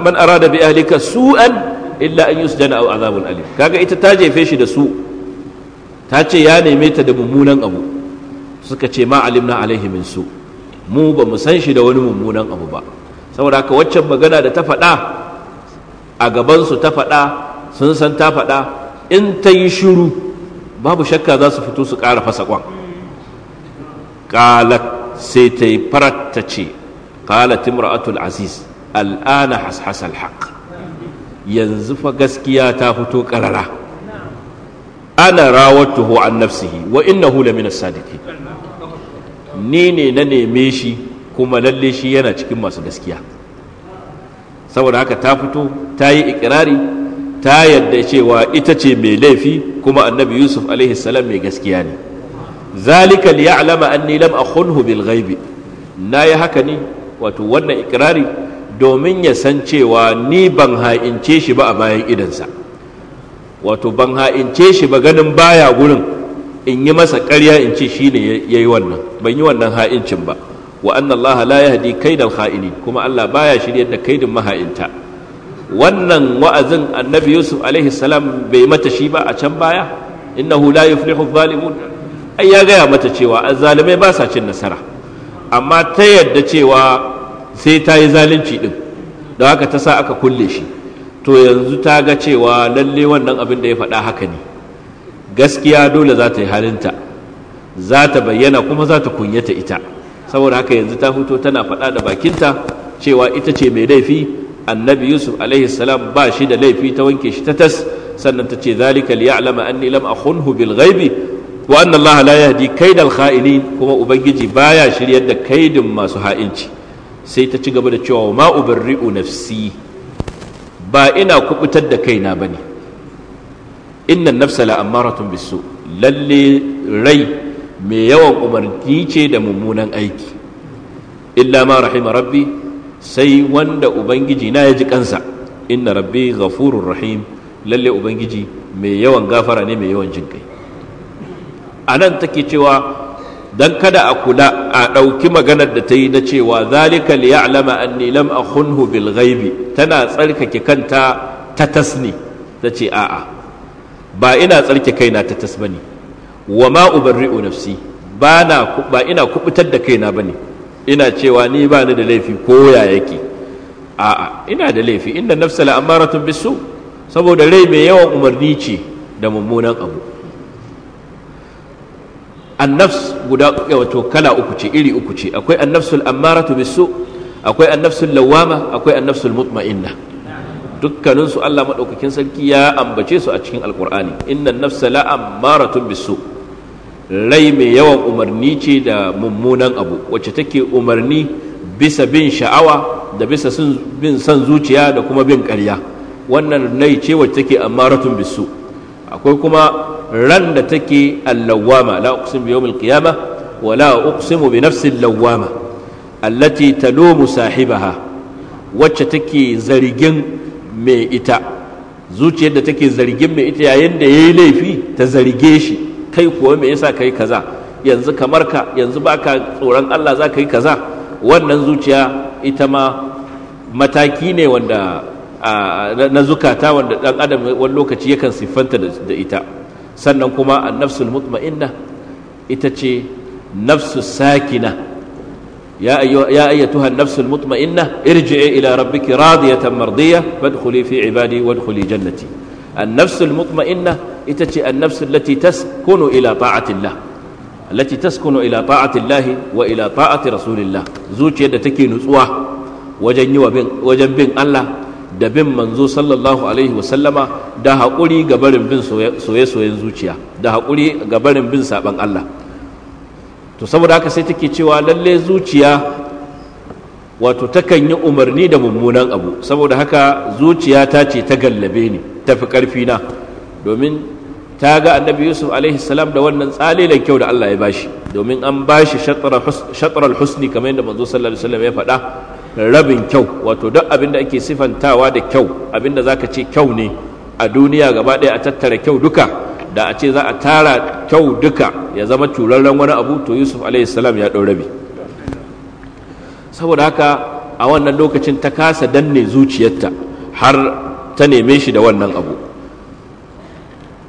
man arada bi ahlika su'an illa an yusjana aw azabun alim kaga ita ta jefe shi da su ta ce ya neme ta da mummunan abu suka ce ma alimna alaihi min su mu ba mu san shi da wani mummunan abu ba saboda haka waccan magana da ta faɗa a gabansu ta faɗa sun san ta faɗa in ta yi shiru babu shakka za su fito su ƙara fasa kwan ƙalat sai ta yi farat ta ce ƙalat imra'atul aziz al'ana hashas alhaq yanzu fa gaskiya ta fito ƙarara ana rawattuhu an nafsihi wa hula lamin as-sadiqin ni ne na neme shi kuma lalle shi yana cikin masu gaskiya saboda haka ta fito ta yi ikirari ta yadda cewa ita ce mai laifi kuma annabi yusuf alaihi salam mai gaskiya ne zalika liya'lama anni lam akhunhu bil ghaibi na yi haka ne wato wannan ikirari domin ya san cewa ni ban ha'ince shi ba a bayan idansa wato ban ha'ince shi ba ganin baya gurin in yi masa ƙarya in ce shi ne ya yi wannan ban yi wannan ha'incin ba wa annan Allah la yahdi ha'ini kuma Allah baya shirya da kaidin maha'inta wannan wa'azin annabi yusuf alaihi salam bai mata shi ba a can baya innahu la yuflihu zalimun ai ya gaya mata cewa azzalimai ba sa cin nasara amma ta yadda cewa sai ta yi zalunci din da haka ta sa aka kulle shi to yanzu ta ga cewa lalle wannan abin da ya faɗa haka ne gaskiya dole za ta yi halinta za ta bayyana kuma za ta kunyata ita saboda haka yanzu ta fito tana faɗa da bakinta cewa ita ce mai laifi annabi yusuf alaihi salam ba shi da laifi ta wanke shi ta tas sannan ta ce zalika liya'lama anni lam akhunhu bil ghaibi wa anna allah la yahdi kaidal kha'ilin kuma ubangiji baya shiryar da kaidin masu ha'inci sai ta ci gaba da cewa ma ubarri'u nafsi ba ina kubutar da kaina bane innan nafsa la bisu lalle rai mai yawan umarni ce da mummunan aiki illa ma rahima rabbi sai wanda ubangiji na ya ji kansa inna rabbi ghafurur rahim lalle ubangiji mai yawan gafara ne mai yawan jin kai anan take cewa dan kada a kula a ɗauki maganar da ta yi na cewa zalika li ya'lama anni lam akhunhu bil ghaibi tana tsarkake kanta ta tasni tace a'a ba ina tsarkake kaina ta tas bane wa ma ubarri'u nafsi ba ina kubutar da kaina bane ina cewa ni ba ni da laifi ko ya yake a'a ina da laifi inda nafsa la'amaratun bisu saboda rai mai yawan umarni ce da mummunan abu annafs guda wato kala uku ce iri uku ce akwai annafsul ammaratu bisu akwai annafsul lawama akwai annafsul mutma'inna dukkanin su Allah madaukakin sarki ya ambace su a cikin alqur'ani innan nafsa la'amaratun bisu rai mai yawan umarni ce da mummunan abu wacce take umarni bisa bin sha'awa da bisa bin son zuciya da kuma bin ƙarya wannan rai ce wacce take amaratun bisu akwai kuma ran da take allawama la uqsimu bi yawmil qiyamah wa la uqsimu bi nafsil lawama allati talumu sahibaha wacce take zargin mai ita zuciyar da take zargin mai ita yayin da yayi laifi ta zarge shi kai kuwa me yasa kai kaza yanzu kamar ka yanzu baka tsoron Allah za ka yi kaza wannan zuciya ita ma mataki ne wanda na zukata wanda ɗan adam wani lokaci yakan siffanta da ita sannan kuma annafsul mutma'inna ita ce nafsu sakina ya ayyatuha an-nafsul mutma'inna irji'i ila rabbiki radiyatan mardiyah kuli fi ibadi wadkhuli jannati A nafsul mutma'inna ita ce annafsu allati taskunu ila ta'atillah allati taskunu ila ta'atillah wa ila ta'ati rasulillah zuciyar da take nutsuwa wajen yi wajen bin Allah da bin manzo sallallahu alaihi wa sallama da haƙuri ga barin bin soye-soyen zuciya da haƙuri ga barin bin saban Allah to saboda haka sai take cewa lalle zuciya wato takan yi umarni da mummunan abu saboda haka zuciya ta ce ta gallabe ni tafi ƙarfi na domin ta ga annabi yusuf a.s. da wannan tsalilan kyau da allah ya bashi domin an bashi shatarar husni kamar yadda manzo sallallahu alaihi wasallam ya faɗa rabin kyau wato duk abin da ake sifantawa da kyau abin da za ka ce kyau ne a duniya gaba ɗaya a tattara kyau duka da a ce za a tara kyau duka ya zama turarren wani abu to yusuf a.s. ya ɗau rabi saboda haka a wannan lokacin ta kasa danne zuciyarta har ta neme shi da wannan abu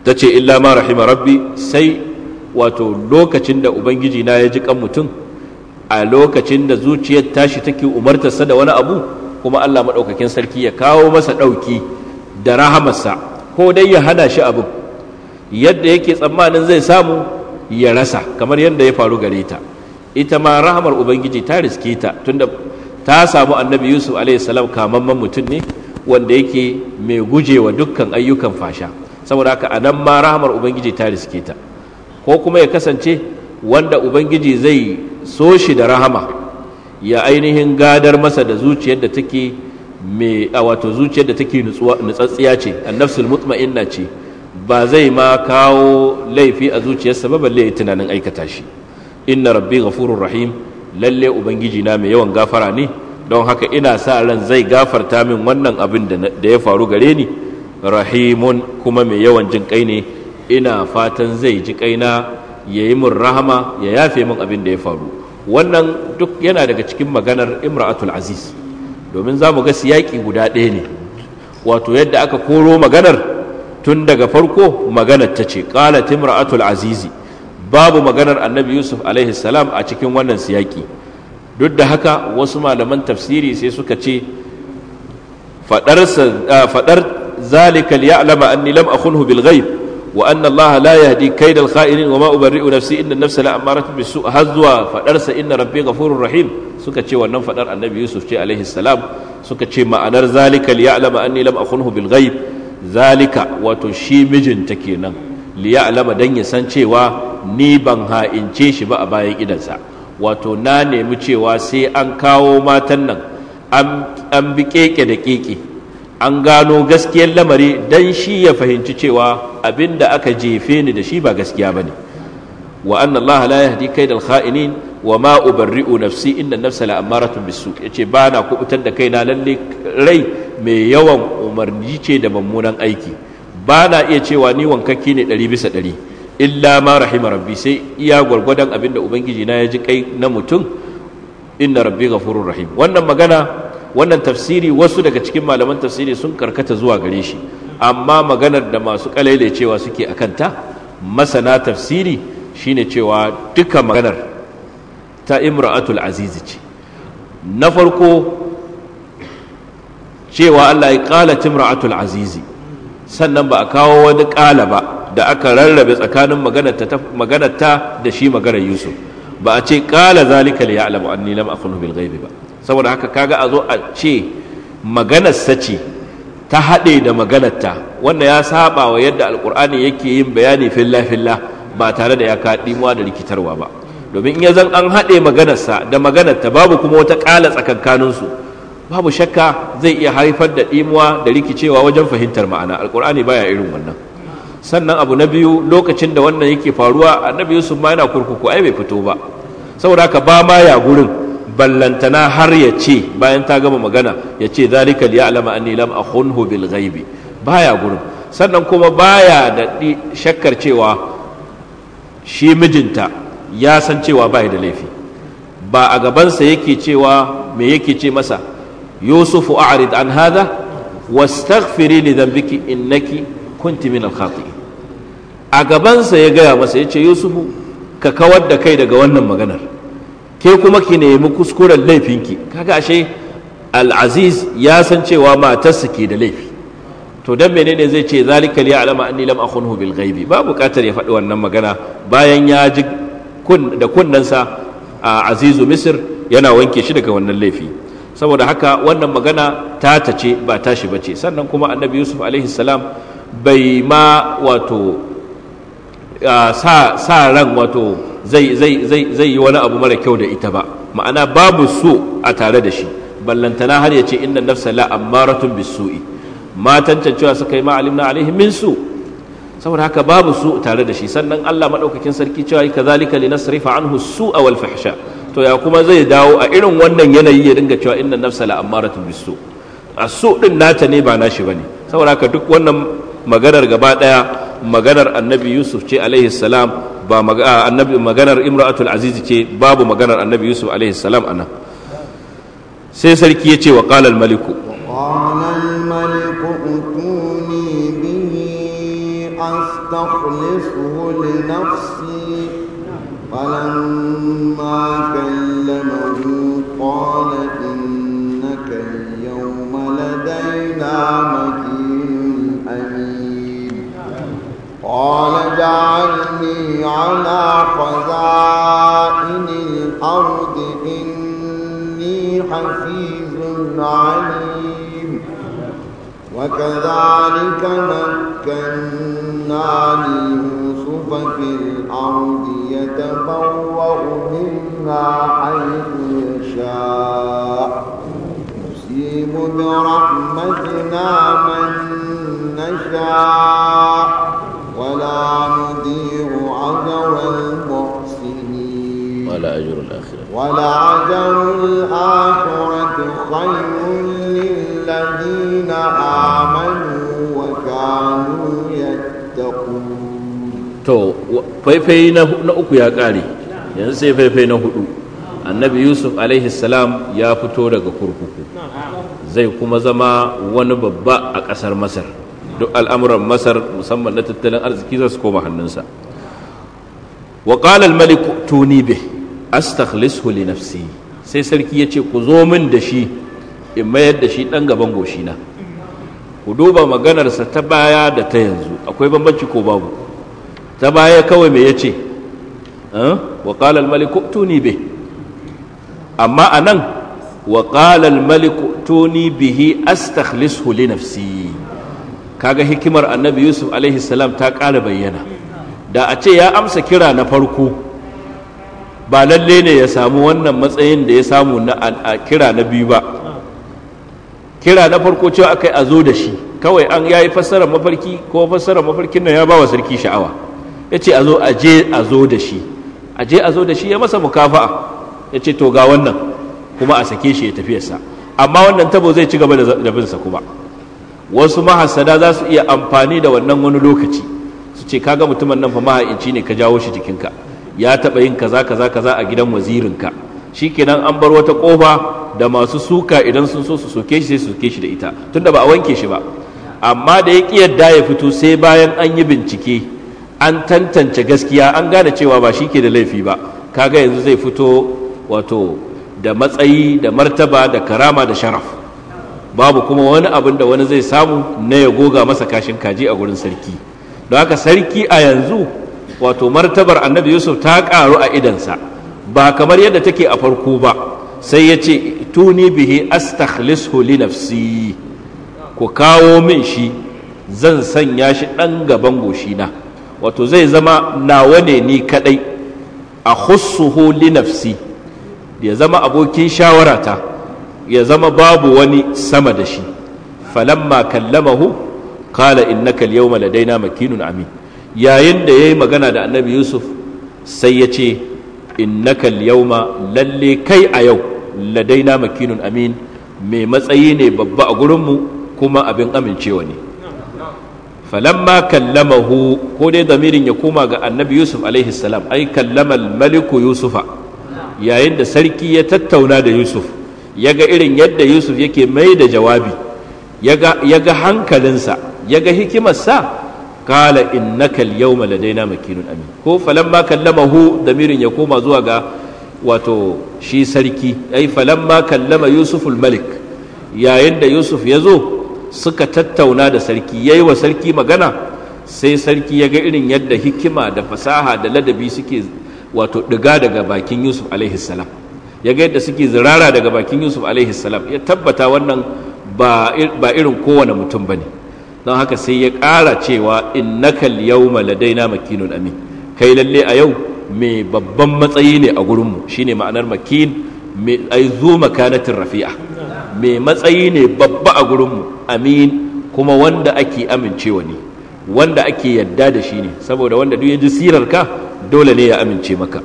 ta ce illa ma rahima rabbi sai wato lokacin da ubangiji na ya ji kan mutum a lokacin da zuciyar tashi take umartarsa da wani abu kuma Allah maɗaukakin sarki ya kawo masa ɗauki da rahamarsa ko dai ya hana shi abin yadda yake tsammanin zai samu ya rasa kamar yadda ya faru gare ta ita ma rahamar ubangiji ta riske ta tunda ta samu annabi yusuf alaihi salam kamamman mutum ne wanda yake mai gujewa dukkan ayyukan fasha saboda haka anan ma rahamar ubangiji ta riske ta ko kuma ya kasance wanda ubangiji zai so shi da rahama ya ainihin gadar masa da zuciyar da take mai a wato zuciyar da take nutsatsiya ce annafsul mutma'inna ce ba zai ma kawo laifi a zuciyarsa ba balle ya tunanin aikata shi inna rabbi ghafurur rahim lalle ubangiji na mai yawan gafara ne don haka ina sa ran zai gafarta min wannan abin da ya faru gare ni rahimun kuma mai yawan jin kai ne ina fatan zai ji kaina ya yi min rahama ya yafe min abin da ya faru wannan duk yana daga cikin maganar imra'atul aziz domin za mu ga siyaki guda ɗaya ne wato yadda aka koro maganar tun daga farko maganar ta ce qalat imra'atul azizi babu maganar annabi yusuf alaihi salam a cikin wannan siyaki duk da haka wasu malaman tafsiri sai suka ce fadar zalika liya'lama anni lam akhunhu bil ghaib wa anna Allah la nafsi inna nafsa la'amaratun bisu hazwa fadar sa inna rabbi ghafurur rahim suka ce wannan faɗar annabi Yusuf ce a salam suka ce ma'anar zalika liya'lama anni lam akhunhu bil ghaib zalika wato shi mijinta kenan liya'lama dan ya san cewa ni ban ha'ince shi ba a bayan idansa wato na nemi cewa sai an kawo matan nan an bi keke da keke an gano gaskiyar lamari dan shi ya fahimci cewa abin da aka jefe ni da shi ba gaskiya ba ne wa anna allaha la yahdi kaidal kha'inin wa ma ubarri'u nafsi inna nafsa la'amaratun bisu yace ba na kubutar da kaina lalle rai mai yawan umarni ce da mummunan aiki ba na iya cewa ni wankakke ne ɗari bisa ɗari illa ma rahima rabbi sai iya gwargwadon abin da ubangiji na ya ji kai na mutum inna rabbi ghafurur rahim wannan magana wannan tafsiri wasu daga cikin malaman tafsiri sun karkata zuwa gare shi amma maganar da masu kalaile cewa suke a kanta masana tafsiri shine cewa duka maganar ta imra'atul azizi ce na farko cewa Allah ya kala timra'atul azizi sannan ba a kawo wani kala ba da aka rarrabe tsakanin maganar ta da shi maganar yusuf ba a ce kala zalika li ya'lamu anni lam aqulu bil ghaibi ba saboda haka kaga a zo a ce maganar sace ta haɗe da maganarta wanda ya saba wa yadda alkur'ani yake yin bayani filla filla ba tare da ya kaɗimuwa da rikitarwa ba domin in ya zan an haɗe maganarsa da maganarta babu kuma wata ƙala tsakankaninsu babu shakka zai iya haifar da ɗimuwa da rikicewa wajen fahimtar ma'ana alkur'ani baya irin wannan sannan abu na biyu lokacin da wannan yake faruwa annabi yusuf ma yana kurkuku ai bai fito ba saboda haka ba ma ya gurin ballantana har ya ce bayan ta gama magana ya ce zalika liya'lama anni lam akhunhu bil ghaibi baya gurin sannan kuma baya da shakkar cewa shi mijinta ya san cewa baya da laifi ba a gabansa yake cewa me yake ce masa yusufu a'rid an hadha wastaghfiri li dhanbiki innaki kunti min al a gabansa ya gaya masa yace yusufu ka kawar da kai daga wannan maganar ke kuma ki nemi kuskuren laifinki kaga ashe al'aziz ya san cewa matarsa ke da laifi to dan menene zai ce zalika li ya'lama anni lam akhunhu bil ghaibi ba buƙatar ya faɗi wannan magana bayan ya ji kun da sa a azizu misir yana wanke shi daga wannan laifi saboda haka wannan magana ta tace ba tashi bace sannan kuma annabi yusuf alaihi salam bai ma wato sa ran wato zai yi wani abu mara kyau da ita ba ma'ana babu so a tare da shi ballantana har ya ce inna nafsa la ammaratun bisu'i ma tantancewa suka yi na alaihim min su saboda haka babu su tare da shi sannan Allah madaukakin sarki cewa kazalika linasrifa anhu su'a wal fahsha to ya kuma zai dawo a irin wannan yanayi ya dinga cewa inna nafsa la ammaratun bisu a su din nata ne ba nashi bane saboda haka duk wannan maganar gaba daya maganar annabi yusuf ce alaihi salam ba annabi maganar imra'atul aziz ce babu maganar annabi yusuf alaihi salam anan sai sarki ya ce wa qala al maliku qala maliku utuni bihi astakhlifuhu li nafsi falamma kallamahu qala innaka al yawma ladaina majnun قال جعلني على خزائن الأرض إني حفيظ عليم وكذلك مكنا ليوسف في الأرض يتبوأ منها حيث يشاء نصيب برحمتنا من نشاء عذاب المحسنين na uku ya ƙare yanzu sai faifai na hudu annabi yusuf alaihi salam ya fito daga kurkuku zai kuma zama wani babba a ƙasar masar duk al'amuran masar musamman na tattalin arziki za su koma hannunsa wa qala al-malik tuni bih astakhlishu li nafsi sai sarki ya ce ku zo min da shi in mayar da shi dan gaban goshi na ku duba maganarsa ta baya da ta yanzu akwai bambanci ko babu ta baya kawai me yace wa qala al-malik tuni bih amma anan wa qala al-malik tuni bihi astakhlishu li nafsi kaga hikimar annabi yusuf a.s. ta ƙara bayyana da a ce ya amsa kira na farko ba lalle ne ya samu wannan matsayin da ya samu na kira na biyu ba kira na farko cewa akai a zo da shi kawai an ya yi fassarar mafarki ko fassarar mafarkin nan ya ba wa sarki sha'awa ya ce a zo a je a zo da shi a je a zo da shi ya masa mukafa. ya ce to ga wannan kuma a sake shi ya tafiyarsa amma wannan tabo zai ci gaba da binsa kuma wasu mahasada za su iya amfani da wannan wani lokaci su ce kaga mutumin nan fa maha'inci ne ka jawo shi jikinka ya taɓa yin kaza kaza kaza a gidan wazirinka shikenan an bar wata ƙofa da masu suka idan sun so su soke shi sai su soke shi da ita tunda ba a wanke shi ba amma da ya yadda ya fito sai bayan an yi bincike an tantance gaskiya an gane cewa ba shi ke da laifi ba kaga yanzu zai fito wato da matsayi da martaba da karama da sharaf babu kuma wani abin da wani zai samu na ya goga masa kashin kaji a gurin sarki don haka sarki a yanzu wato martabar annabi yusuf ta karu a idansa ba kamar yadda take a farko ba sai ya ce tuni bihi astakhlishu li nafsi ku kawo min shi zan sanya shi ɗan gaban na. wato zai zama nawa ne ni kadai a li nafsi ya zama abokin shawarata ya zama babu wani sama da shi falamma kallamahu qala innaka al ladaina makinun amin yayin da yayi magana da annabi yusuf sai ya ce innaka al lalle kai a yau ladaina makinun amin mai matsayi ne babba a gurinmu kuma abin amincewa ne falamma kallamahu ko dai damirin ya koma ga annabi yusuf alaihi salam ai kallama maliku yusufa yayin da sarki ya tattauna da yusuf ya ga irin yadda yusuf yake mai da jawabi ya ga hankalinsa ya ga hikimarsa kala innaka al-yawma ladaina makinun amin ko falamma da damirin ya koma zuwa ga wato shi sarki ai falamma kallama yusuf al-malik yayin da yusuf ya zo suka tattauna da sarki yayi wa sarki magana sai sarki ya ga irin yadda hikima da fasaha da ladabi suke wato diga daga bakin yusuf alaihi salam ya ga yadda suke zirara daga bakin yusuf alaihi salam ya tabbata wannan ba irin kowane mutum ba ne don haka sai ya ƙara cewa innaka yawma ladaina makinun amin kai lalle a yau mai babban matsayi ne a gurinmu shine ma'anar makin ai zo makanatin rafi'a mai matsayi ne babba a gurinmu amin kuma wanda ake amincewa ne wanda ake yadda da shi ne saboda wanda duk ya ji sirarka dole ne ya amince maka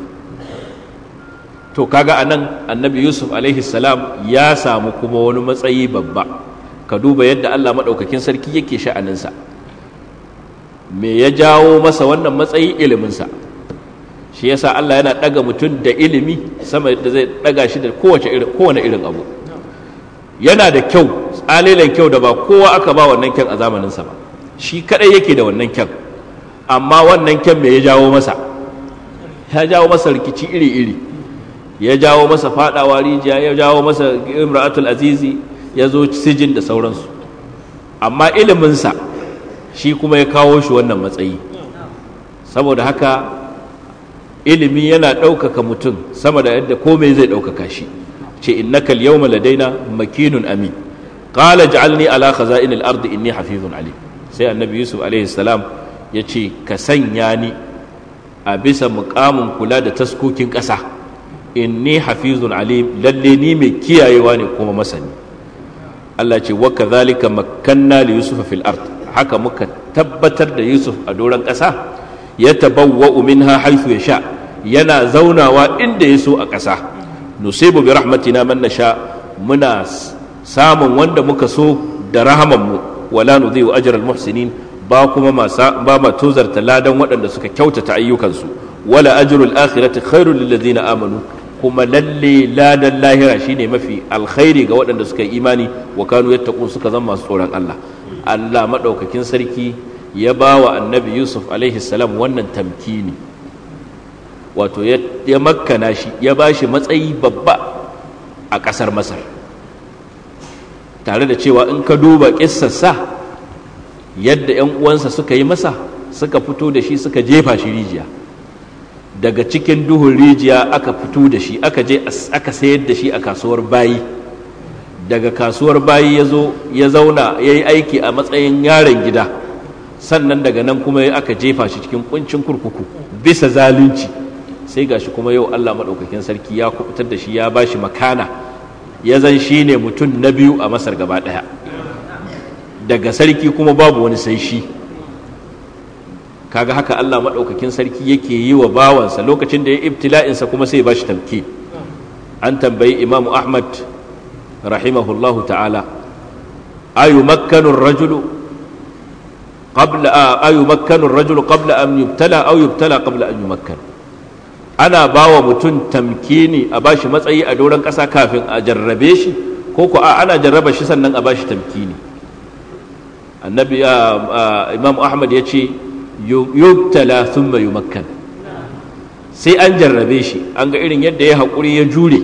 to kaga anan annabi yusuf alaihi salam ya samu kuma wani matsayi babba ka duba yadda allah maɗaukakin sarki yake sha'aninsa me ya jawo masa wannan matsayi iliminsa shi yasa allah yana ɗaga mutum da ilimi sama da zai ɗaga shi da kowane irin abu yana da kyau tsalilan kyau da ba kowa aka ba wannan kyan a zamaninsa ba shi kaɗai yake da wannan kyan amma wannan kyan me ya jawo masa ya jawo masa rikici iri-iri ya jawo masa fadawa rijiya ya jawo masa imra'atul azizi ya zo sijin da sauransu amma iliminsa shi kuma ya kawo shi wannan matsayi saboda haka ilimi yana ɗaukaka mutum sama da yadda komai zai ɗaukaka shi ce innaka al-yawma ladaina makinun amin qala ij'alni ala khaza'in ard inni hafizun alim sai annabi yusuf alaihi salam ya ce ka sanya ni a bisa mukamin kula da taskokin ƙasa inni hafizun alim lalle ni mai kiyayewa ne kuma masani Allah ce wa kadhalika makkanna li yusufa fil ard haka muka tabbatar da yusuf a doron ƙasa ya tabawwa'u minha haythu yasha yana zaunawa inda yaso a ƙasa nusibu bi rahmatina man nasha muna samun wanda muka so da rahaman mu wala nudhi'u ajral muhsinin ba kuma ba ma tozarta ladan waɗanda suka kyautata ayyukansu wala ajrul akhirati khairul lil amanu kuma lalle ladan lahira shine mafi alkhairi ga waɗanda suka yi imani wa kanu yattaqun suka zama masu tsoron Allah Allah maɗaukakin sarki ya ba wa annabi Yusuf alaihi wannan tamki ne wato ya makkana shi ya ba shi matsayi babba a ƙasar Masar tare da cewa in ka duba kissarsa yadda 'yan uwansa suka yi masa suka fito da shi suka jefa shi rijiya daga cikin duhun rijiya aka fito da shi aka je aka sayar da shi a kasuwar bayi daga kasuwar bayi ya zo ya zauna ya yi aiki a matsayin yaron gida sannan daga nan kuma aka jefa shi cikin kuncin kurkuku bisa zalunci sai gashi kuma yau Allah maɗaukakin sarki ya kubutar da shi ya ba shi makana ya zan shi ne mutum na biyu a masar gaba ɗaya daga sarki kuma babu wani sai shi kaga haka Allah maɗaukakin sarki yake yi wa bawansa lokacin da ya ibtila'insa kuma sai ba shi tamki an tambayi imamu ahmad rahimahullahu ta'ala ayu makkanun rajulu qabla ayu makkanun rajulu qabla an yubtala aw yubtala qabla an yumakkan ana bawa mutum tamkini a ba shi matsayi a doron ƙasa kafin a jarrabe shi ko ko a ana jarraba shi sannan a ba shi tamkini annabi imam ahmad ya ce yubtala thumma yumakkan sai an jarrabe shi an ga irin yadda ya haƙuri ya jure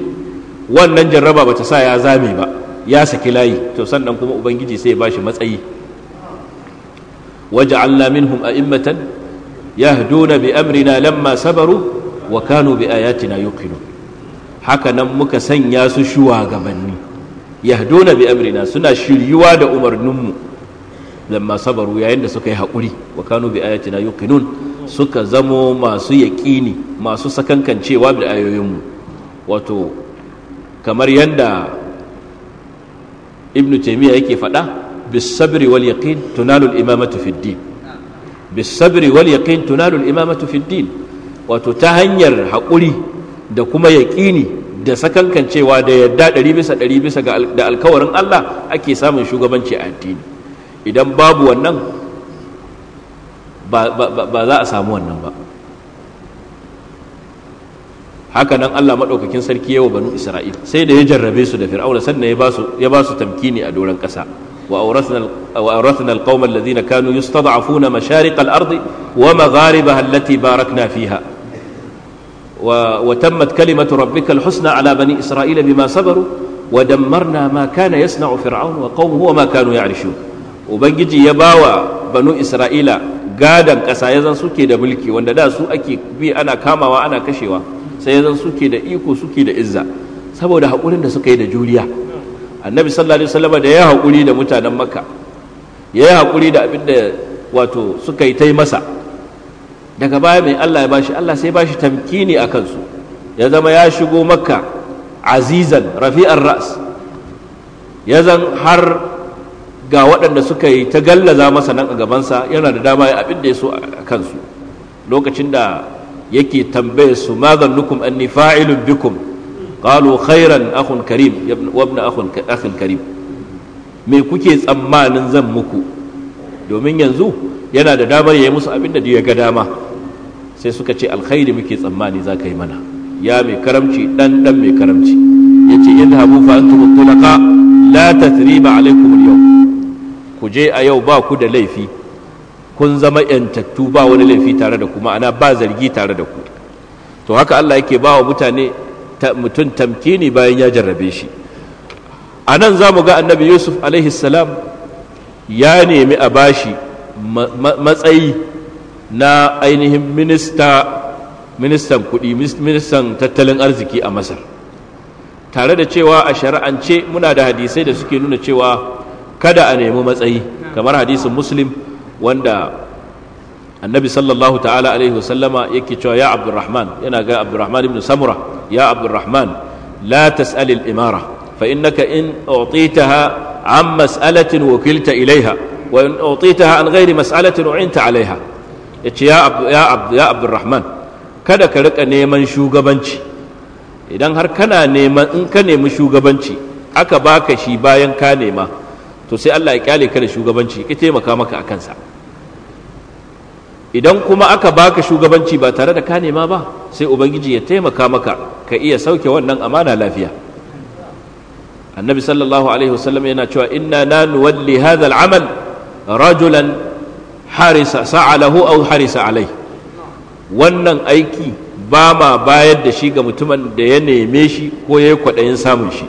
wannan jarraba bata sa ya zame ba ya saki layi to sannan kuma ubangiji sai ya shi matsayi a minhum a'immatan yahduna bi amrina lamma sabaru wa kanu bi ayatina yuqinun haka nan muka sanya su shuwagabanni yahduna bi amrina suna shiryuwa da umarninmu mu lamma sabaru yayin da suka yi haƙuri wa kanu bi ayatina yuqinun suka zamo masu yaƙini masu sakankancewa da ayoyinmu wato kamar yadda ibnu taymiya yake faɗa bis sabri wal yaqin tunalu al imamatu fid din bis wal yaqin tunalu al imamatu fid din wato ta hanyar haƙuri da kuma yaƙini da sakankancewa da yadda ɗari bisa ɗari bisa da alkawarin Allah ake samun shugabanci a addini idan babu wannan ba za a samu wannan ba haka nan Allah maɗaukakin sarki yawa banu Isra'il sai da ya jarrabe su da fir'auna sannan ya ba su tamkini a doron ƙasa wa auratna alqawma alladhina kanu yustad'afuna mashariq al-ardi wa magharibaha allati barakna fiha wa tammat kalimatu rabbika al-husna ala bani isra'ila bima sabaru wa dammarna ma kana yasna'u كان wa qawmuhu wa ma kanu يعرشون ubangiji ya bawa banu isra'ila gadon ƙasa ya zan suke da mulki wanda da su ake bi ana kamawa ana kashewa sai ya zan suke da iko suke da izza saboda haƙurin da suka yi da juriya annabi sallallahu alaihi wasallam da ya haƙuri da mutanen makka ya yi haƙuri da abin da wato suka yi ta masa daga baya mai allah ya bashi allah sai bashi tamkini a kansu ya zama ya shigo makka azizan rafi'ar ras ya zan har ga waɗanda suka yi ta gallaza masa nan a gabansa yana da dama ya abin da ya so a kansu lokacin da yake tambaye su mazan nukum anni fa'ilun bikum qalu khairan akhun karim wa ibn akhun karim me kuke tsammanin zan muku domin yanzu yana da damar ya yi musu abin da ya ga dama sai suka ce alkhairi muke tsammani za ka yi mana ya mai karamci dan dan mai karamci yace idhabu fa antum tulaqa la tathriba alaykum al-yawm ku je a yau ba ku da laifi kun zama yantattu ba wani laifi tare da ku ma'ana ba zargi tare da ku to haka Allah yake ba wa mutane mutum tamkini bayan ya jarrabe shi a nan za mu ga annabi yusuf salam ya nemi a bashi matsayi na ainihin minista ministan kudi ministan tattalin arziki a masar tare da cewa a shari'ance muna da hadisai da suke nuna cewa kada a nemi matsayi kamar hadisin muslim wanda annabi sallallahu ta'ala alaihi wasallama yake cewa ya abdurrahman yana ga abdurrahman ibn samura ya abdurrahman la tas'alil imara fa innaka in utitaha an mas'alatin wakilta ilaiha wa in utitaha an ghairi mas'alatin u'inta alaiha yace ya ya ya abdurrahman kada ka rika neman shugabanci idan har kana neman in ka nemi shugabanci aka baka shi bayan ka nema to sai Allah ya kyale ka da shugabanci ya taimaka maka a kansa idan kuma aka baka shugabanci ba tare da ka nema ba sai ubangiji ya taimaka maka ka iya sauke wannan amana lafiya annabi sallallahu alaihi wasallam yana cewa inna na nuwalli hadha al'amal rajulan harisa sa'alahu aw harisa alai wannan aiki ba ma bayar da shi ga mutumin da ya neme shi ko ya yi kwaɗayin samun shi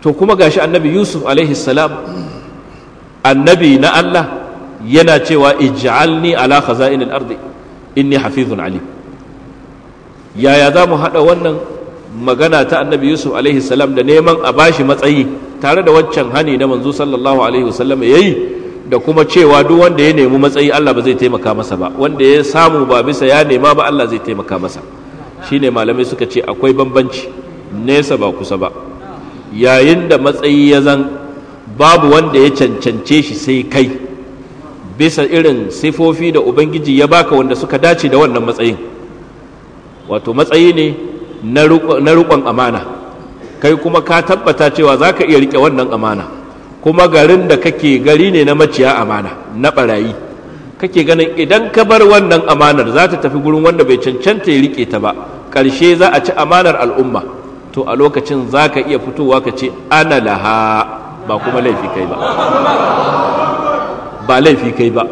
to kuma gashi annabi yusuf salam annabi na allah yana cewa ij'alni ala khaza'in al-ardi inni hafizun alim yaya za mu haɗa wannan magana ta annabi yusuf alaihi salam da neman a bashi matsayi tare da waccan hani na manzo sallallahu alaihi wasallam ya yi da kuma cewa duk wanda ya nemi matsayi allah ba zai taimaka masa ba wanda ya samu ba bisa ya nema ba allah zai taimaka masa shine malamai suka ce akwai bambanci nesa ba kusa ba yayin da matsayi ya zan babu wanda ya cancance shi sai kai bisa irin sifofi da ubangiji ya baka wanda suka dace da wannan matsayin wato matsayi ne na rukon amana kai kuma ka tabbata cewa za ka iya rike wannan amana kuma garin da kake gari ne na maciya amana na barayi kake ganin idan ka bar wannan amanar za ta tafi gurin wanda bai cancanta ya rike ta ba ƙarshe za a ci amanar al'umma to a lokacin za ka iya fitowa ka ce ana laha ba kuma laifi kai ba ba laifi kai ba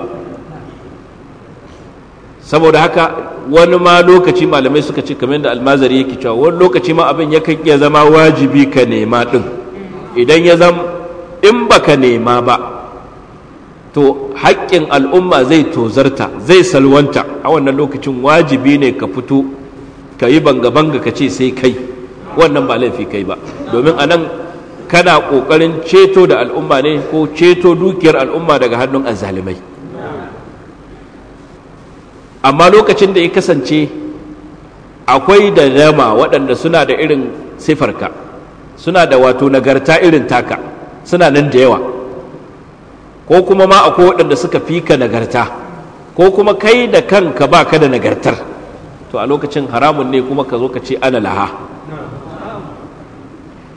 saboda haka wani ma lokaci malamai suka ce kamar da almazari yake cewa wani lokaci ma abin yakan iya zama wajibi ka nema din idan ya zama in ba ka nema ba to haƙƙin al'umma zai tozarta zai salwanta a wannan lokacin wajibi ne ka fito ka yi banga-banga ka ce sai kai wannan ba laifi kai ba domin a nan kana ƙoƙarin ceto da al'umma ne ko ceto dukiyar al'umma daga hannun azalimai amma lokacin da ya kasance akwai da dama waɗanda suna da irin sifarka suna da wato nagarta irin taka suna nan da yawa ko kuma ma akwai waɗanda suka fi ka nagarta ko kuma kai da kanka ba ka da nagartar to a lokacin haramun ne kuma ka zo ka ce ana laha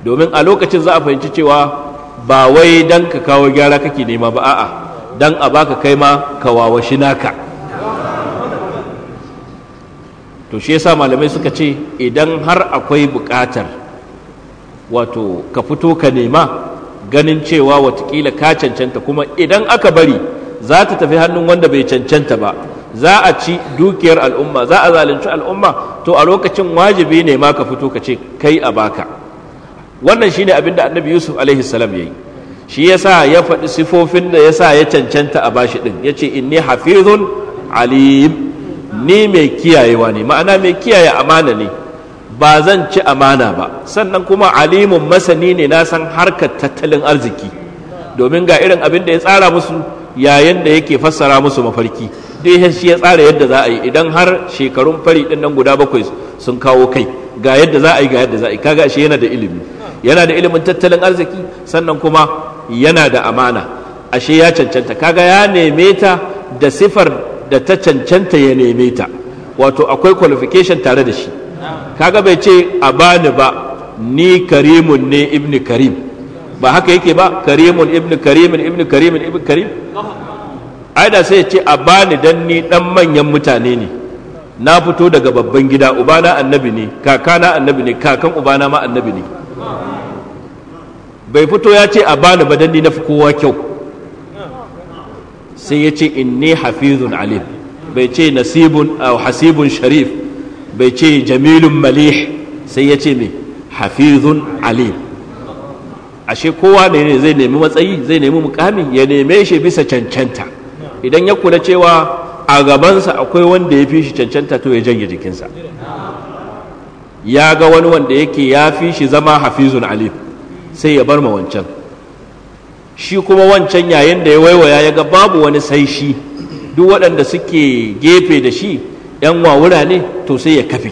domin a lokacin za a fahimci cewa ba wai dan ka kawo gyara kake nema ba a'a dan a baka kai ma ka wawashi naka to shi yasa malamai suka ce idan har akwai buƙatar wato ka fito ka nema ganin cewa watakila ka cancanta kuma idan aka bari za ta tafi hannun wanda bai cancanta ba za a ci dukiyar al'umma za a zalunci al'umma to a lokacin wajibi ne ma ka fito ka ce kai a baka wannan shine abin da annabi yusuf alaihi ya yi shi ya sa ya faɗi sifofin da ya sa ya cancanta a bashi ɗin ya in inni hafizun alim ni mai kiyayewa ne ma'ana mai kiyaye amana ne ba zan ci amana ba sannan kuma alimun masani ne na san harkar tattalin arziki domin ga irin abin da ya tsara musu yayin da yake fassara musu mafarki dai shi ya tsara yadda za a yi idan har shekarun fari ɗin nan guda bakwai sun kawo kai ga yadda za a yi ga yadda za a yi kaga shi yana da ilimi yana da ilimin tattalin arziki sannan kuma yana da amana ashe ya cancanta kaga ya neme ta da sifar da ta cancanta ya neme ta wato akwai qualification tare da shi kaga bai ce a bani ba ni karimun ne ibn karim ba haka yake ba karimun ibn karimin ibn karimin ibn karim ai da sai ya ce a bani dan ni dan manyan mutane ne na fito daga babban gida ubana annabi ne kakana annabi ne kakan ubana ma annabi ne bai fito ya ce a bani ba da ni na fi kowa kyau sai ya ce inni hafizun alim bai ce nasibun hasibun sharif bai ce jamilun malih sai ya ce me hafizun alim ashe kowa ne zai nemi matsayi zai nemi mukami ya neme shi bisa cancanta idan ya kula cewa a gabansa akwai wanda ya fi shi cancanta to ya janye jikinsa ya ga wani wanda yake ya fi shi zama hafizun alim sai ya bar ma wancan shi kuma wancan yayin da ya waiwaya ya ga babu wani sai shi duk waɗanda suke gefe da shi ‘yan wawura ne to sai ya kafe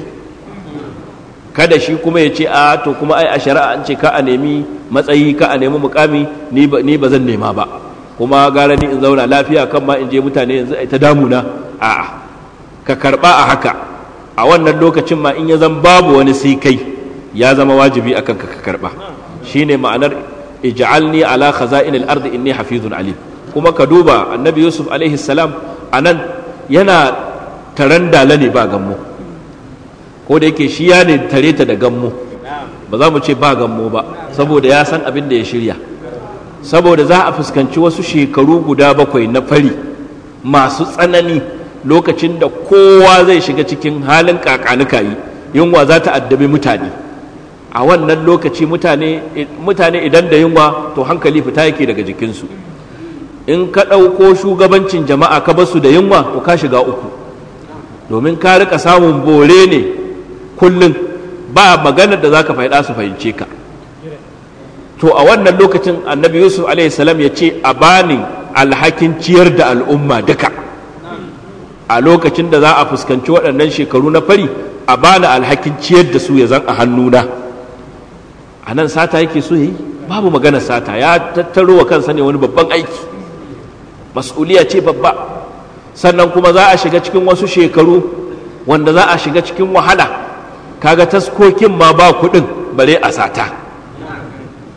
kada shi kuma ya ce a to kuma ai a shari'a an ce ka a nemi matsayi ka a nemi mukami ni ba zan nema ba kuma gara ni in zauna lafiya kan ma in je mutane yanzu ai ta damuna a'a ka karba a haka a wannan lokacin ma in ya zan babu wani sai kai ya zama wajibi akan ka karba shine ma'anar ij'alni ala khaza'inil ardi inni hafizun alim kuma ka duba annabi yusuf alaihi salam nan yana taran dala ne ba gammo ko da yake shi ya ne tare ta da gammo ba za mu ce ba gammo ba saboda ya san abin da ya shirya saboda za a fuskanci wasu shekaru guda bakwai na fari masu tsanani lokacin da kowa zai shiga cikin halin kakanuka yi yunwa za ta addabi mutane a wannan lokaci mutane idan da yunwa to hankali fita yake daga jikinsu in ka ɗauko shugabancin jama'a ka basu da yunwa to ka shiga uku domin ka rika samun bore ne kullum ba maganar da za ka faɗa su fahimce ka to a wannan lokacin annabi yusuf a.s. ya ce a bani alhakin ciyar da al'umma duka a lokacin da za a fuskanci waɗannan shekaru na fari a bani alhakin ciyar da su ya zan a hannuna a nan sata yake so yi babu magana sata ya tattaro wa kansa ne wani babban aiki mas'uliya ce babba sannan kuma za a shiga cikin wasu shekaru wanda za a shiga cikin wahala kaga taskokin ma ba kuɗin bare a sata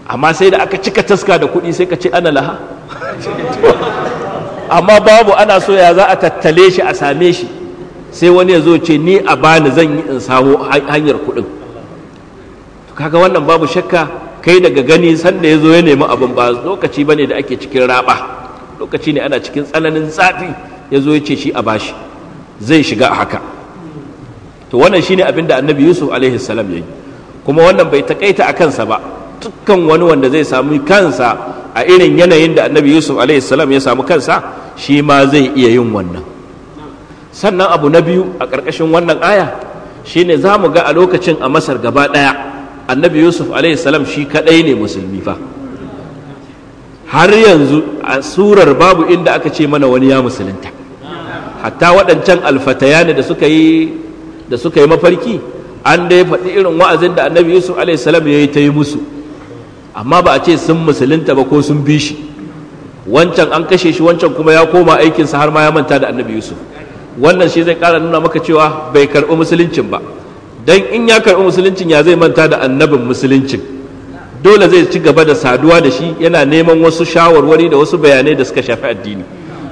amma sai da aka cika taska da kuɗi sai ka ce ana laha amma babu ana so ya za a tattale shi a same shi sai wani ya zo ce ni a bani zan yi in samu hanyar kuɗin kaga wannan babu shakka kai daga gani sanda ya zo ya nemi abin ba lokaci bane da ake cikin raba lokaci ne ana cikin tsananin tsafi ya zo ya ce shi a bashi zai shiga a haka to wannan shine abin da annabi yusuf alaihi salam ya yi kuma wannan bai takaita a kansa ba dukkan wani wanda zai sami kansa a irin yanayin da annabi yusuf salam ya samu kansa shi ma zai iya yin wannan sannan abu na biyu a ƙarƙashin wannan aya shine za mu ga a lokacin a masar gaba ɗaya annabi yusuf salam shi kaɗai ne musulmi fa har yanzu a surar babu inda aka ce mana wani ya musulunta hatta waɗancan alfatayani da suka yi da suka yi mafarki an dai faɗi irin wa'azin da annabi yusuf salam ya yi ta yi musu amma ba a ce sun musulunta ba ko sun bi shi wancan an kashe shi wancan kuma ya koma aikinsa har ma ya manta da annabi yusuf wannan shi zai kara nuna maka cewa bai karɓi musuluncin ba don in ya karɓi musuluncin ya zai manta da annabin musuluncin dole zai ci gaba da saduwa da shi yana neman wasu shawarwari da wasu bayanai da suka shafi addini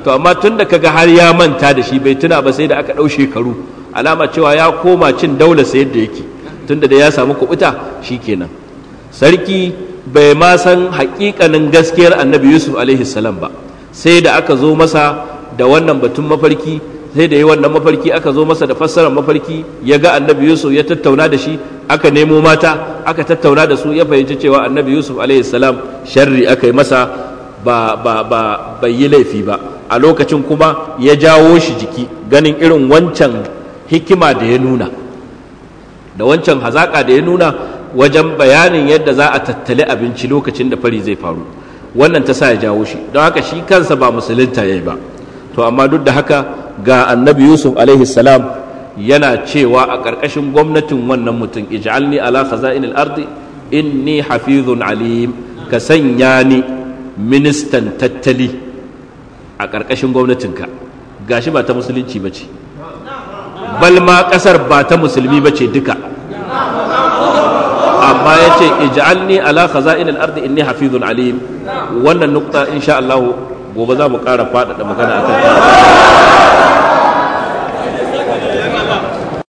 to amma tun da kaga har ya manta da shi bai tuna ba sai da aka ɗau shekaru alama cewa ya koma cin daula sai yadda yake tunda da ya samu kubuta kenan sarki bai ma san haƙiƙanin gaskiyar annabi yusuf a.s. salam ba sai da aka zo masa da wannan batun mafarki sai da yi wannan mafarki aka zo masa da fassarar mafarki ya ga annabi yusuf ya tattauna da shi aka nemo mata aka tattauna da su ya fahimci cewa annabi yusuf a.s. salam sharri aka yi masa ba ba bai yi laifi ba a lokacin kuma ya jawo shi jiki ganin irin wancan hikima da ya nuna da wancan hazaƙa da ya nuna wajen bayanin yadda za a tattali abinci lokacin da fari zai faru wannan ta sa ya jawo shi don haka shi kansa ba musulunta ya yi ba to amma duk da haka ga annabi yusuf alaihi salam yana cewa a ƙarƙashin gwamnatin wannan mutum ij'alni ala khaza'inil ardi inni hafizun alim ka sanya ni ministan tattali a ƙarƙashin gwamnatinka gashi ba ta musulunci ba ce bal ma ƙasar ba ta musulmi ba ce duka amma ya ce ij'alni ala khaza'in al-ard inni hafizun alim wannan nukta insha Allah gobe za mu ƙara faɗaɗa magana akan